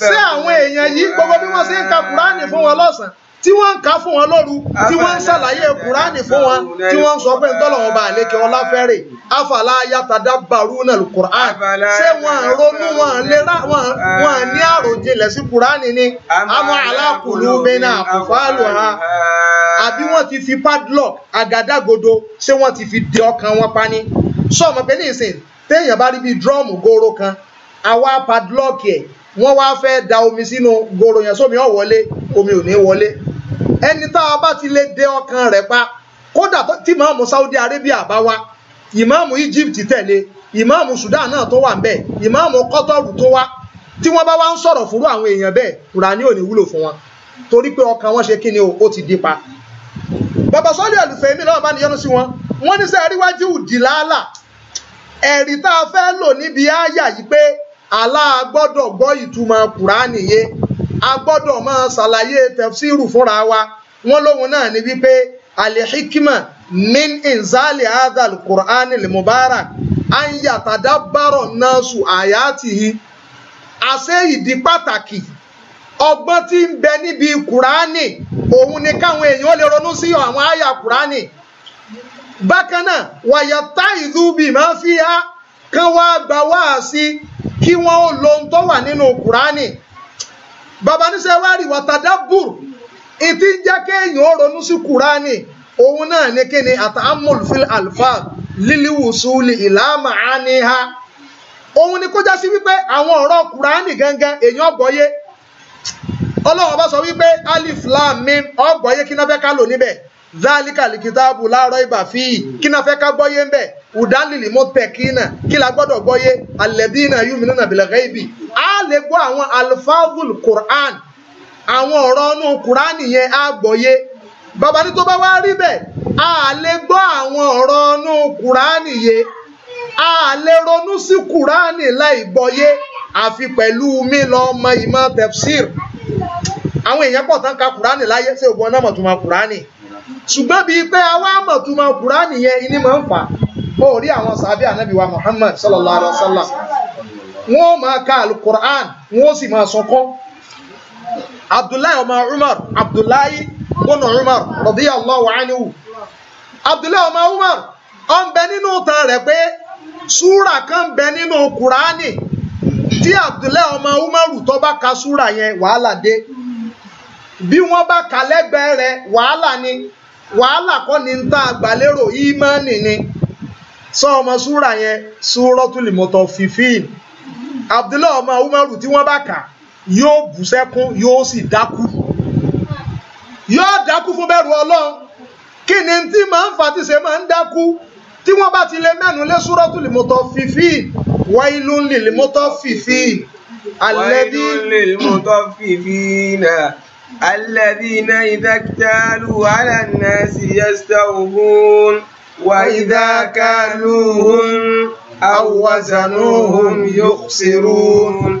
ṣé àwọn èèyàn yìí gbogbo bí wọ́n ṣe ń ka kur'an fún wọn lọ́sàn-án tí wọ́n ń ka fún wọn lóru tí wọ́n ń ṣàlàyé kùránì fún wọn tí wọ́n ń sọ pé ntọ́lọ́wọ́n bá àlékè ọlá fẹ́rẹ̀ afàlà yàtàdá barú nàlù kùránì ṣé wọ́n ronú wọn lera wọn ní àròjinlẹ̀ sí kùránì ni àmọ́ alákùlù bẹ́ẹ̀nà àkùfáàlù ha àbí wọ́n ti fi padlock àgádágodo ṣé wọ́n ti fi di ọkàn wọn pani sọ ọmọ pé ní ìsìn téèyàn bá rí bíi drọ́ọ̀mù góró kan àwa padlock ẹ̀ wọ́n wá fẹ́ da omi sínú góró yẹn sómi ọ̀ wọlé omi ò ní wọlé ẹni tá bá ti lè dé ọkàn rẹ̀ pa kódà tí ìmáàmù Saudi Arabia bá wá ìmáàmù Egypt tẹ̀lé ìmáàmù Sudan náà tó wà ń bẹ̀ ìmáàmù kọ́tọ́rù tó wá tí wọ́n bá wá ń sọ̀rọ̀ fúrú àwọn èèyàn bẹ́ẹ̀ Kùránì ò ní wúlò fún wọn torí pé ọkàn wọn ṣe kí ni ó ti dípa bàbá sọ́lé àlùfẹ́ mi náà bá níyọ́nú sí wọn wọ́n ní sẹ́ àríwájú ẹ̀rí tá a fẹ́ lò níbi àyà yìí pé aláà gbọ́dọ̀ gbọ́ ìtumọ̀ kùránì yé a gbọ́dọ̀ máa ṣàlàyé tẹ̀fsíìrù fúnra wa wọ́n lóhun náà ni wípé alihikima min inzali Adal, qur'ani limubara mubarak an yatadabbara nasu ayatihi àṣẹ ìdí pàtàkì ọgbọ́n tí ń bẹ níbi kùránì òun ni káwọn èèyàn lè ronú sí àwọn àyà kùránì bákan náà wàyàtá ìdúbì máa fi há kán wá gba wáàsí kí wọn ó lo ohun tó wà nínú kùránì bàbá níṣẹ́ wá rí wàtàdábùr ìtí ń jẹ́ kéèyàn ó ronú sí kùránì òun náà ní kíni àtàmùl fil alfa líliwùsùlì ìlàmà ha. òun ni kó já sí wípé àwọn ọ̀rọ̀ kùránì gangan èèyàn gbọ́yé ọlọ́run bá sọ wípé alif lam mim ọgbọ́yé kí náà fẹ́ ká lò níbẹ̀ zálíkà lìkìtàbù láàárọ̀ ìbà fi yìí kí náà fẹ́ ká gbọ́yé ń bẹ̀ ùdálìlì mọ́tẹ̀kínà kí la gbọ́dọ̀ gbọ́yé alẹ́dínà yúmínà bìlẹ̀gẹ́ ibì á lè gbọ́ àwọn alfáàbùl quran àwọn ọ̀rọ̀ ọ̀nù quran yẹn á gbọ́yé bàbá ní tó bá wá rí bẹ́ẹ̀ á lè gbọ́ àwọn ọ̀rọ̀ ọ̀nù quran yẹn á lè ronú sí quran láì gbọ́yé àfi pẹ̀lú mi lọ ọmọ ìmọ̀ tafsir àwọn èèyàn pọ̀ tán ka quran láyé sí ògbọ́n náà mọ̀ tó máa quran yìí ṣùgbọ́n bíi pé àwa àmọ̀túmọ̀ kùránì yẹn iní máa ń fà ó rí àwọn sàbí ànábì wa Muhammad sallallahu alayhi wa sallam wọ́n máa ka alukur'an wọ́n sì máa sọkọ́ abdullahi ọmọ umar abdullahi bọ́nà umar radiyallahu anhu abdullahi ọmọ umar ó ń bẹ nínú tan rẹ̀ pé súrà kan bẹ nínú kùránì tí abdullahi ọmọ umaru tó bá ka súrà yẹn wàhálà dé bí wọ́n bá kà lẹ́gbẹ̀ẹ́ wàhálà ni wàhálà kọ́ ni ń tá àgbàlérò ìmánì ni sọ ọmọ súra yẹn súrọ́tùlì mọ́tò fífín abdullahi ọmọ umaru tí wọ́n bá kà yóò bù sẹ́kún yóò sì dákú yóò dákú fún bẹ̀rù ọlọ́run kí ni tí máa ń fàtí ṣe máa ń dákú tí wọ́n bá ti lè mẹ́nu lé súrọ́tùlì mọ́tò fífín wailun lil mutaffifin alladhi wailun lil mutaffifin náà. الذين إذا اكتالوا على الناس يستوفون وإذا كالوهم أو وزنوهم يخسرون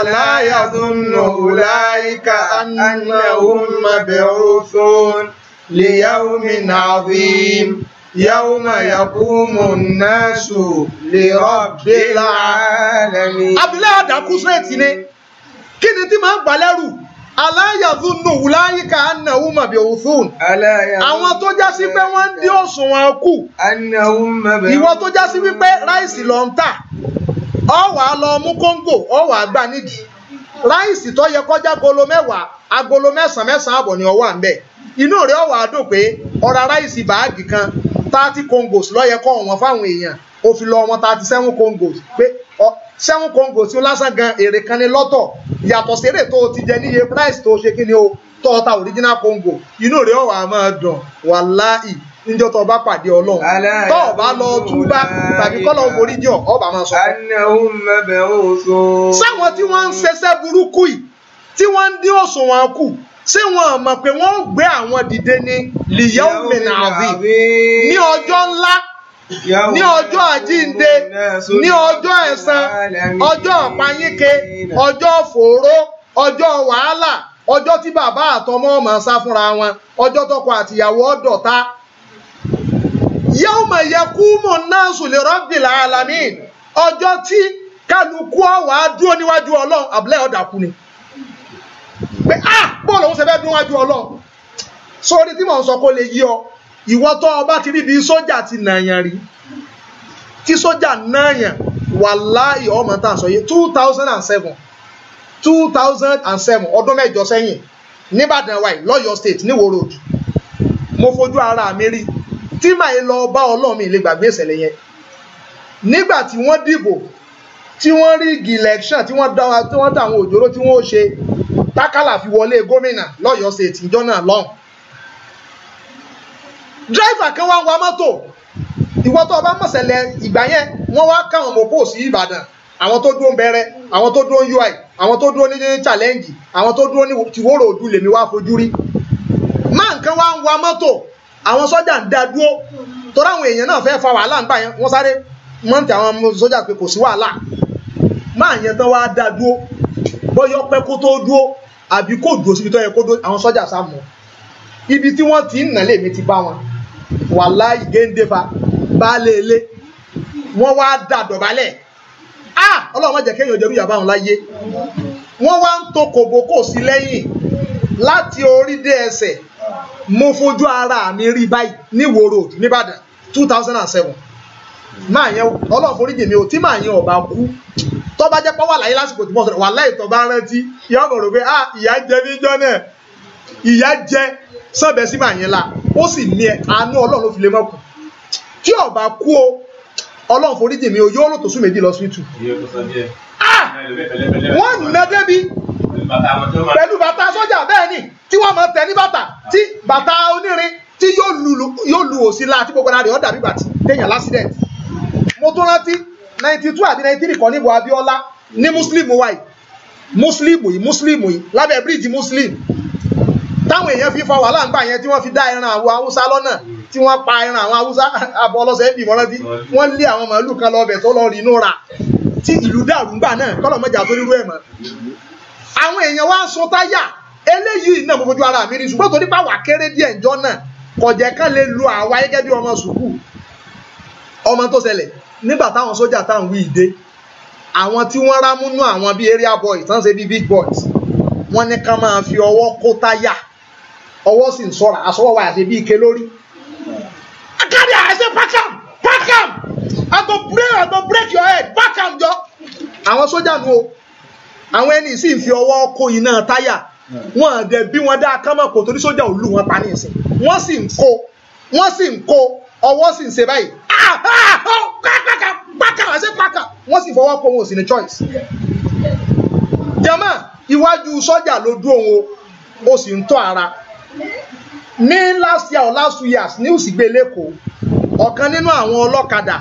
ألا يظن أولئك أنهم مبعوثون ليوم عظيم يوم يقوم الناس لرب العالمين. abúlé àdàkú sírètì ni kí ni aláyàzú nù láyíká anáwó màbí òsùn. àwọn tó já sí pé wọ́n ń dín òṣùwọ̀n kù. anáwó màbí. ìwọ tó já sí wípé ráìsì lọ ń tà ọ wàá lọ mú kóńgò ọ wàá gbà nídìí ráìsì tó yẹ kọjá golo mẹ́wàá agolo mẹ́sàn-án àbọ̀ ni ọ wà ń bẹ̀ inú rẹ̀ ọ wàá dùn pé ọ̀rá ráìsì báàgì kan thirty kongos ló yẹ kọ́ ọ̀wọ́n fáwọn èèyàn ó fi lọ ọmọ thirty seven kongos pé seven congo tí ó lásán gan èrè kan ní lọ́tọ̀ yàtọ̀ sérè tó ti jẹ níye price tó ṣe kí ni o tó ọta original congo inú rẹ̀ ọ̀wà máa dùn wàláì níjọ́ tó bá pàdé ọlọ́run tó o bá lọ túbá tàbí kọ́ lọ́ọ́ forí jọ ọba máa sọ. sáwọn tí wọ́n ń ṣẹṣẹ́ burúkú yìí tí wọ́n ń dín òṣùwọ̀n kù ṣé wọn mọ̀ pé wọ́n ń gbé àwọn dìde ní lìyẹ́ òmìnira ní ọjọ́ ńlá ní ọjọ́ àjíǹde ní ọjọ́ ẹ̀san ọjọ́ ọ̀páyíke ọjọ́ fòró ọjọ́ wàhálà ọjọ́ tí bàbá àtọmọ ọmọ sá fúnra wọn ọjọ́ tọkọ àtìyàwó ọdọ̀ta. yawma yaqumu nnasu li rabbil alamin ọjọ́ tí kálukú ọ̀wà dúró níwájú ọlọ́run àbúlẹ̀ ọ̀dàkú ni. pé a ah, ìwọ tó ọba ti rí bí sójà ti nàyàn rí tí sójà nàyàn wàláhì ọmọ tá à sọ yé two thousand and seven two thousand and seven ọdún mẹ́jọ sẹ́yìn nìbàdàn wáyé lọ́yọ̀ state níwó road mo fojú ara mi rí tí màá yẹ lọ bá ọlọ́run mi lè gbàgbé ìṣẹ̀lẹ̀ yẹn nígbà tí wọ́n dìbò tí wọ́n rí election tí wọ́n dáwọn tí wọ́n dáwọn òjòrò tí wọ́n ó ṣe tákàlà fi wọlé gómìnà lọ́yọ̀ state ìjọ náà lọ́hùn dírẹ́fà kan wá ń wa mọ́tò ìwọ tó o bá mọ̀sẹ̀lẹ̀ ìgbà yẹn wọ́n wá káwọn mọ̀pọ̀ sí Ìbàdàn àwọn tó dúró bẹ̀rẹ̀ àwọn tó dúró UI àwọn tó dúró ní challenge àwọn tó dúró ní tìwóró ojú lèmi wá fojú rí máa nǹkan wá ń wa mọ́tò àwọn sọ́jà ń dá dúró torí àwọn èèyàn náà fẹ́ fa wàhálà nígbà yẹn wọ́n sáré mọ́ǹtì àwọn sọ́jà pé kò sí wàhálà máa yẹn tán wá dá dúró bọ́yọ́ pẹ́ kó tó dúró àbí kò dúró síbi tó yẹ kó dúró àwọn sọ́jà sá mọ́ ibi tí wọ́n ti ń nà lèmi ti bá wọn wàláì géńdé fa baálé ilé wọ́n wá dà dọ̀bálẹ̀ ah ọlọ́run má jẹ́ kéèyàn jẹ́rú ìyàbá òun láyé wọ́n wá ń to kòbókò sí lẹ́yìn láti orí dé ẹsẹ̀ mo fojú ara mi rí báyìí ní Ìwó nìbàdàn two thousand and seven máa yẹn ọlọ́run foríjì mi ò tí máa yẹn ọba kú tó bá jẹ́ pé wà láyé lásìkò tí mo sọ̀rọ̀ wà láyé tó rántí ìyá ọmọ rò pé ah ìyá jẹ níjọ́ náà ìyá jẹ sọ́ọ̀bẹ̀ sí màá yẹn la ó sì ní ẹ àánú ọlọ́run ló fi lè mọ́ kù tí ọba kú o ọlọ́run foríjì mi o yóò lò tó sún méjì lọ sí tù. Ah! wọ́n nà débi pẹ̀lú bàtà sọ́jà bẹ́ẹ̀ ni tí wọ́n máa tẹ̀ ní bàtà tí bàtà onírin tí yóò lu òsì la àti gbogbo ara rẹ̀ ó dàbí bàtì téèyàn lásìdẹ̀ntì. mo tún rántí ninety two àti ninety three kan níbo abiola. ní muslim wa yìí muslim yìí muslim yìí lábẹ́ bíríìjì muslim táwọn èèyàn fi fa wàhálà ńgbà yẹn tí wọ́n fi dá ẹran àwọn haúsá lọ́nà tí wọ́n pa ẹran àwọn haúsá abọ́ ọlọ́sẹ̀ ẹ̀bì wọ́n rántí wọ́n lé àwọn màálù kan lọ ọbẹ̀ tó lọ rìn núra tí ìlú dàrú ńgbà náà kọ́lọ̀ mọ́jà tó rírú ẹ̀ mọ́. àwọn èèyàn wá sọ táyà eléyìí náà mo fojú ara mi rí ṣùgbọ́n torí pàwọ́ akéré díẹ̀ ńjọ́ náà kọ̀jẹ̀ kan lè lu àwa gẹ́gẹ́ bí boys tán big boys wọ́n ní ká máa fi ọwọ́ kó táyà ọwọ́ sì ń sọ̀rọ̀ àsọwọ́ wa àti bí ike lórí. akáde I say pack am pack am I go break I go break your head pack am jọ. àwọn sójà nu o àwọn ẹni sì ń fi ọwọ́ kó iná táyà wọn àdẹ bí wọn dá akámọ̀ kò torí sójà ò lù wọn pa ní ìsìn wọn sì ń kó wọn sì ń kó ọwọ́ sì ń ṣe báyìí pákà pákà àṣẹ pákà wọ́n sì fọwọ́ kó wọn ò sì ní choice. jama iwájú sọ́jà ló dúró òun o sì ń tọ́ ara ní last year or last two years news gbé lẹ́kọ̀ọ́ ọ̀kan nínú àwọn ọlọ́kadà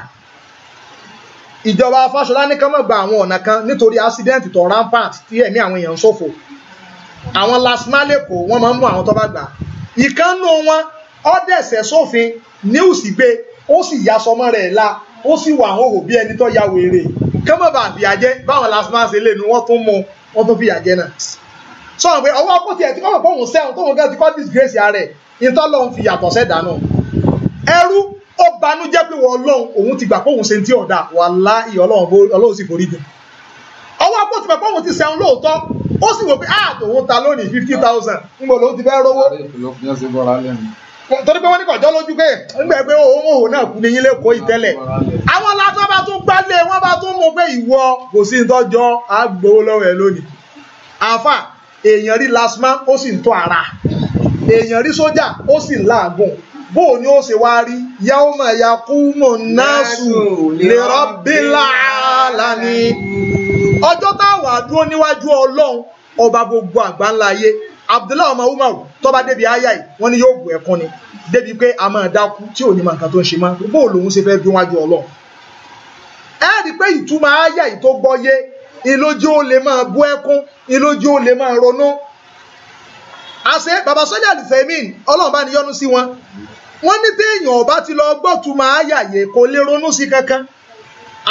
ìjọba Fáṣọlá ní kán mọ̀ gba àwọn ọ̀nà kan nítorí accident tó rampant tí ẹ̀mí àwọn èèyàn ń ṣòfò àwọn lasma lẹ́kọ̀ọ́ wọ́n máa ń mú àwọn tó bá gbà ìkànnù wọn ọ̀dẹ̀sẹ̀ sófin news gbé ó sì ya sọmọ rẹ̀ la ó sì wà àwọn òbí ẹni tó ya wèrè kán mọ̀ bàbí àjẹ́ báwọn lasma ṣe lè nu wọ́n tún mú wọ́n tún fìyà jẹ náà sọ̀rọ̀ pé ọwọ́ kò tiẹ̀ tí kọ́ mọ̀ pé òun sẹ́wọ̀n tóun gẹ́gẹ́ ti kọ́ disgrace ara ẹ̀ ìtọ́lọ́hún fi yàtọ̀ sẹ́dá náà ẹrú ó banújẹ́ pé wọ́n ọlọ́run òun ti gbà pé òun ṣe ti ọ̀dà wàláhì ọlọ́run sì forí jù ọwọ́ kò tiẹ̀ pé òun ti sẹ́wọ̀n lóòótọ́ ó sì wò pé á ah, tòun ta lónìí fifty thousand ń bọ̀ lóun ti fẹ́ rówó torí pé wọ́n ní kọ̀jọ́ lójú pé ńgbẹ́ pé òun òun náà kú ní yín lẹ́kọ̀ọ́ ìtẹ́lẹ̀ àwọn lásán bá tún gbálẹ̀ wọ́n bá tún mú pé ìwọ kò sí ìtọ́jọ́ àgbò lọ́wọ́ ẹ̀ lónìí àáfàá èèyàn rí lasma ó sì ń tọ́ ara èèyàn rí sójà ó sì ń làágùn bó o ní ó ṣe wá rí yaoma yakumu nasu lè rọ́bìlà lani ọjọ́ táwọn àdúró níwájú ọlọ́run ọba gbogbo àgbáńlá ayé abdullahi ọmọ umaru tọ́ba débi aya yìí wọ́n ní yóò bù ẹ̀kún ni débi pé a máa dákú tí ò ní mọ nǹkan tó ń ṣe mọ́ bó o lòun ṣe fẹ́ dúnwájú ọlọ́run ẹ rí i pé ìtumọ̀ aya yìí tó gbọ́ yé ìlójú ó lè máa bú ẹkún ìlójú ó lè máa ronú. àṣé bàbá sọ́jà lùfẹ̀mín ọlọ́run bá ní yọ́nú sí wọn wọ́n ní téèyàn ọba ti lọ gbọ́tù máa yàyè kò lè ronú sí kankan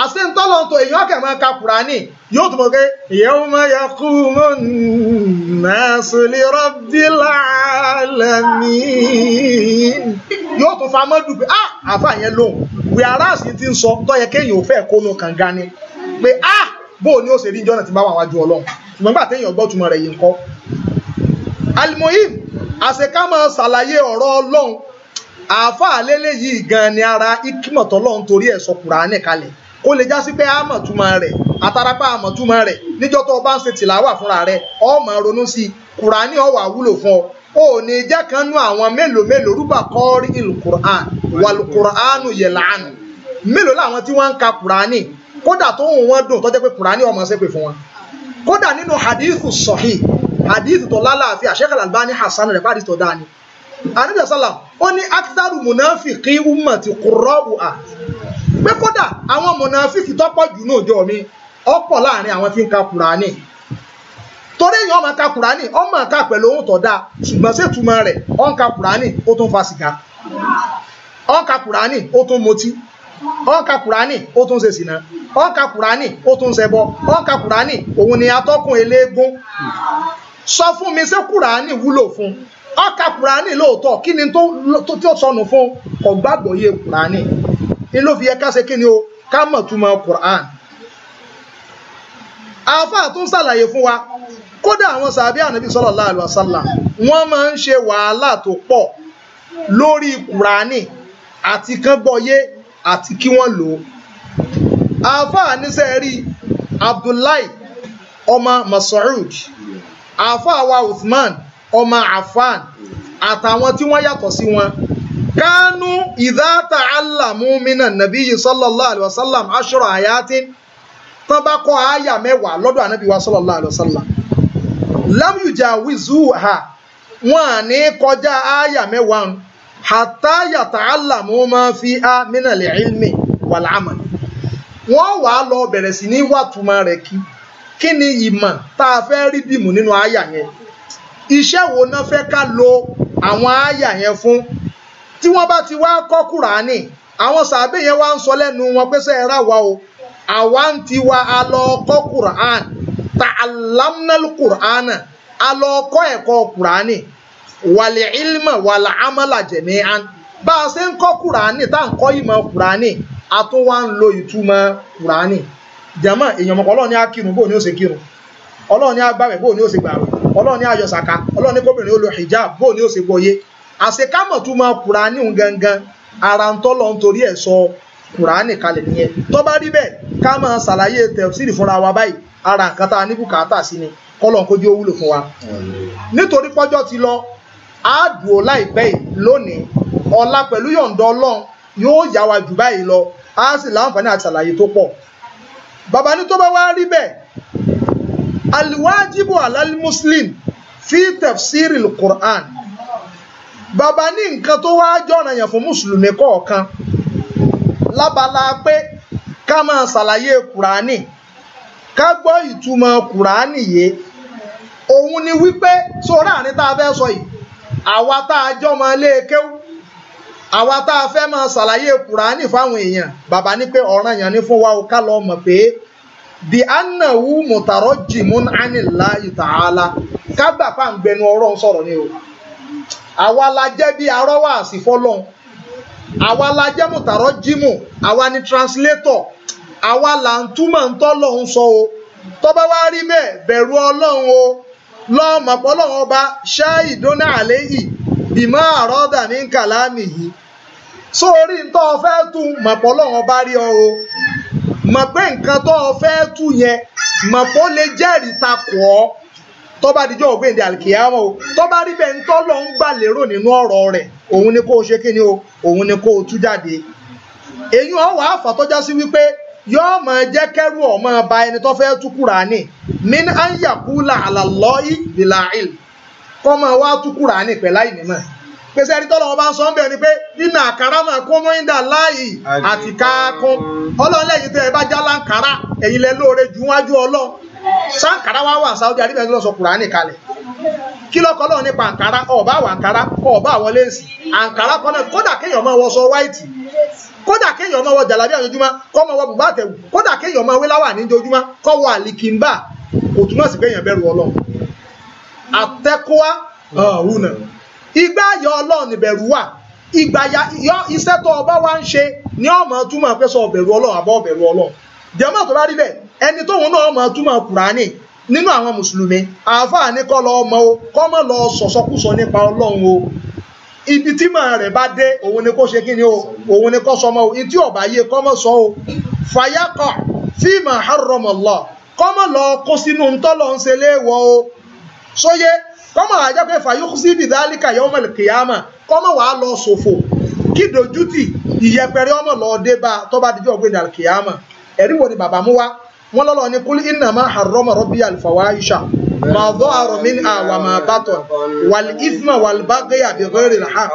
àṣẹ ntọ́lọ́ntọ́ èèyàn kẹ̀ máa ka kùránì yóò tún mọ̀ pé yawma yaqumunnasu li rabbil alamin yóò tún fa mọ́dù pé ah àfa yẹn lóhùn wíárásì ti ń sọ tọ́yẹ kéèyàn ò fẹ́ kónú kànga ni pé ah bóò ni ó ṣe rí ìjọ náà ti bá wà wájú ọlọ́run ṣùgbọ́n nígbà téèyàn gbọ́ túmọ̀ rẹ̀ yìí ń kọ́ alimoyim àṣekámọ́ ṣàlàyé ọ̀rọ̀ ọlọ́run àáfàá lélẹ̀ yìí gan ni ara ikimọ̀tọ́ ọlọ́run torí ẹ̀ sọ Kùránì kalẹ̀ kó lè já sí pé àmọ̀túmọ̀ rẹ̀ àtàràpá àmọ̀túmọ̀ rẹ̀ níjọ́ tó o bá ń ṣe tìlàwà fúnra rẹ̀ o máa ronú sí i Kùránì ó wá wúlò fún ọ ó ní jẹ́ kan nú àwọn mélòó mélòó rúbà kọ́ọ́rí ìlú kùrán wàlùkùránù yẹ̀lánù mélòó làwọn tí wọ́n ń ka kùránì kódà tó ń wọ́n dùn tó jẹ́ pé kùránì ọmọ ṣépè fún wọn kódà nínú hadithu sahih hadithu tó lálàáfíà Sheikh Al-Albani hasan rẹ̀ pàdé tó dáa ni àníjà sálà ó ní akitaru munafiki umati kurọ́ùà pé kódà àwọn munafiki tọ́pọ̀ jù náà jọ mi ọ̀pọ̀ láàrin àwọn tí ń ka kùránì torí èèyàn máa ka kùránì ó máa ka pẹ̀lú ohun tó dáa ṣùgbọ́n ṣètùmọ̀ rẹ̀ ó ka kùránì ó tún fa sìgá ó ka kùránì ó tún mutí ọ̀ǹkà kùránì ó tún ṣe sìnà ọ̀ǹkà kùránì ó tún ṣẹbọ ọ̀ǹkà kùránì òun ni atọ́kùn eléégún sọ fún mi ṣé kùránì wúlò fún ọ̀ǹkà kùránì lóòótọ́ kí ni tó tí ó sọnù fún kò gbàgbọ́ yé kùránì ni ló fi yẹ ká ṣe kí ni o ká mọ̀ túmọ̀ kùránì àáfàá tún ṣàlàyé fún wa kódà àwọn sàbí ànábì sallallahu alaihi wasallam wọ́n máa ń ṣe wàhálà tó pọ̀ lórí kùránì àti kán gbọ́yé àti kí wọ́n lò ó. àáfàá níṣẹ́ rí abdullahi ọmọ masoud àáfàá wa uthman ọmọ afan àtàwọn tí wọ́n yàtọ̀ sí wọn kánú ìdáta alamu minan nabiyyi sallallahu alayhi wa sallam ashra ayatin tán bá kọ́ àyà mẹ́wàá lọ́dọ̀ ànábì wa sallallahu alayhi wa sallam lam yujawizuha wọn à ní kọjá àyà mẹ́wàá hatta yata'allamu ma fiha minal ilmi wal amal wọ́n wàá lọ bẹ̀rẹ̀ sí ní wàtúmọ̀ rẹ̀ kí kí ni ìmọ̀ tá a fẹ́ rí dìmú nínú àyà yẹn iṣẹ́ wo ná fẹ́ ká lo àwọn àyà yẹn fún tí wọ́n bá ti wá kọ́ kúránì àwọn sàbẹ̀ yẹn wá ń sọ lẹ́nu wọn pé sẹ́yìn rà wá o àwa ń tiwa a lọ kọ́ kúránì ta alamnal kúránì a lọ kọ́ ẹ̀kọ́ kúránì wàlẹ̀ ilmà wàlẹ̀ amala jẹ̀mí an bá a ṣe ń kọ́ kùránì tá à kùránì a tún wá ń lo kùránì èèyàn ọlọ́ọ̀ni ni ó ọlọ́ọ̀ni bóun ni ọlọ́ọ̀ni ọlọ́ọ̀ni kóbìnrin ó lo hijab bóun ni ara ń tọ́lọ̀ ń torí ẹ̀ sọ tó rí bẹ́ẹ̀ ká máa ṣàlàyé ara nǹkan tá a ní bùkátà ni fún á dùn ó láìpẹ́ yìí lónìí ọ̀la pẹ̀lú yọ̀ǹda ọlọ́run yóò yá wa jù báyìí lọ á sì láǹfààní àti àlàyé tó pọ̀ bàbá ní tó bá wá rí bẹ́ẹ̀ aliwajibu alali muslim fi tafsiri quran bàbá ní nǹkan tó wá jọ̀nà yàn fún mùsùlùmí kọ̀ọ̀kan lábala pé ká máa ṣàlàyé kùránì ká gbọ́ ìtumọ̀ kùránì yìí òun ni wípé sórí àárín tá a fẹ́ sọ yìí àwa tá a jọmọ ilé kéwú àwa tá a fẹ́ máa ṣàlàyé kùránì fáwọn èèyàn bàbá ní pé ọ̀ràn yẹn ní fún wa ó ká lọ mọ̀ pé di anahu mutaro jimun anila itaala kágbà pàǹgbẹnu ọ̀rọ̀ ń sọ̀rọ̀ ni o àwa la jẹ́ bí arọ́wà àsìfọ́lọ́n àwa la jẹ́ mùtàrọ́ jímù àwa ni translator àwa là ń túmọ̀ ń tọ́ lọ́hún sọ o tọ́ba wá rí bẹ́ẹ̀ bẹ̀rù ọlọ́run o lọ mọ̀pọ̀ ọba ṣáì dóná àlẹ́ àrọ́dà ní kàlámì yìí sórí ń tọ́ tu rí ọ mọ̀ pé nǹkan tọ́ yẹn mọ̀pọ̀ lè jẹ́rìí tọ́ba àdìjọ́ ògbéǹde o tọ́ba rí bẹ́ẹ̀ nínú ọ̀rọ̀ rẹ̀ òun ni kò ṣe kí o òun ni kò tú jáde èyí fà tọ́já sí yóò máa jẹ́ kẹ́rù ọmọ ba ẹni tó fẹ́ tú kúránì min yakula ala bìláìl kọ́ máa wá tú kúránì pèsè ẹni tọ́lọ́ wọn sọ ń ni pé nínú àkàrà máa kó mọ́yìndà láàyè àti káàkún ọlọ́run lẹ́yìn bá já lẹ lóore wájú wà sọ kalẹ̀ kí lọ́kọ́ lọ́run nípa àǹkàrà kódà kéèyàn máa wọ jàlábíà lójúmọ́ kó máa wọ bùbá àtẹ̀wù kódà kéèyàn máa wé láwà ní ojoojúmọ́ kó wọ àlìkìmbà kò túmọ̀ sí kéèyàn bẹ̀rù ọlọ́run àtẹ́kọ́wá ọ̀húnà ìgbà ayọ̀ ọlọ́run ìbẹ̀rù wà ìgbà yọ iṣẹ́ tó ọba wa ń ṣe ní ọmọ túmọ̀ pé sọ ọbẹ̀rù ọlọ́run àbọ̀ ọbẹ̀rù ọlọ́run jẹ́mọ̀ tó bá rí bẹ́ẹ̀ ẹni tóun náà ọmọ túmọ̀ kùránì nínú àwọn mùsùlùmí àáfàá ní kọ́ lọ ọmọ o kọ́ mọ́ lọ sọ̀sọ́kùsọ nípa ọlọ́run o ibi tí màá rẹ̀ bá dé òun ni kó ṣe kí ni o òun ni kó sọmọ o ìtí ọ̀bá yé kọ́mọ̀ sọ o fàyàkọ̀ fíìmà harramallah kọ́mọ̀ lọ kó sínú ntọ́lọ̀ ń ṣe léèwọ̀ o sóyé kọ́mọ̀ àjọ pé fàyókùsí bìdálíkà yawmal qiyamah kọ́mọ̀ wàá lọ ṣòfò kí dojútì ìyẹpẹrẹ ọmọ lọ dé bá tó bá dijọ́ ọ̀gbìn al-qiyamah ẹ̀rí wo ni bàbá mú wa wọ́n lọ́lọ́ ni kúlí innama harrama rabbi al-fawahisha ما ظهر منها وما بطن والإثم والبغي بغير الحق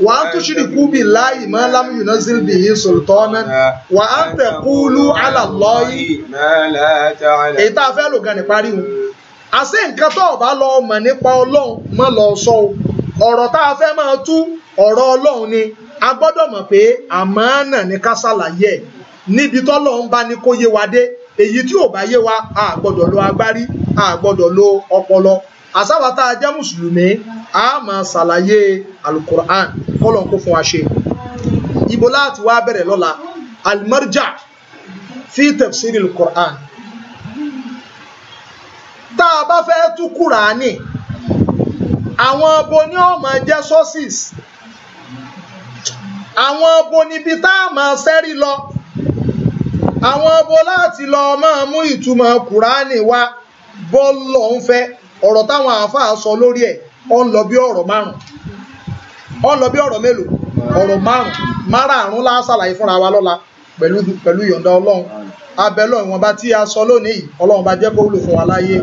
وأن تشركوا بالله ما لم ينزل به سلطانا وأن تقولوا على الله ما لا تعلمون èyí tá a fẹ́ lò gan níparí o àṣé nǹkan tó o bá lọ mọ̀ nípa ọlọ́run mọ́ lọ sọ o ọ̀rọ̀ tá a fẹ́ máa tú ọ̀rọ̀ ọlọ́run ni a gbọ́dọ̀ mọ̀ pé àmánà ni ká ṣàlàyé níbi tọ́lọ́run bá ní kó yé wa dé èyí tí ò bá yé wa a gbọ́dọ̀ lo agbárí a gbọ́dọ̀ lo ọpọlọ àsáwà tá a jẹ́ mùsùlùmí a máa ṣàlàyé alukur'an kọ́lọ̀ kó fún wa ṣe ibo láti wá bẹ̀rẹ̀ lọ́la almarja fi tafsiri alukur'an tá a bá fẹ́ tú kúránì àwọn abo ní ọmọ jẹ́ sources àwọn abo níbi tá a máa ṣẹ́rí lọ àwọn ọbọ láti lọ máa mú ìtumọ̀ kùránì wá bọ́ọ̀lù ọ̀hún fẹ́ ọ̀rọ̀ táwọn àáfàá sọ lórí ẹ̀ ó ń lọ bí ọ̀rọ̀ márùn ó ń lọ bí ọ̀rọ̀ mélòó ọ̀rọ̀ márùn márààrún la ṣàlàyé fúnra wa lọ́la pẹ̀lú pẹ̀lú ìyọ̀ǹda ọlọ́run abẹ́lọ́ ìwọ̀nba tí a sọ lónìí ọlọ́run bá jẹ́ kó wúlò fún wa láyé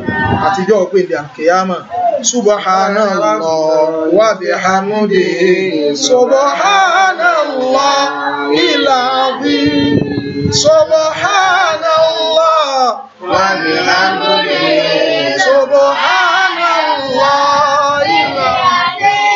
àtijọ́ òpèdè àkèyàmọ̀ subhanallah wa bihamdihi subhanallah ìlàbí. سبحان الله وبحمده سبحان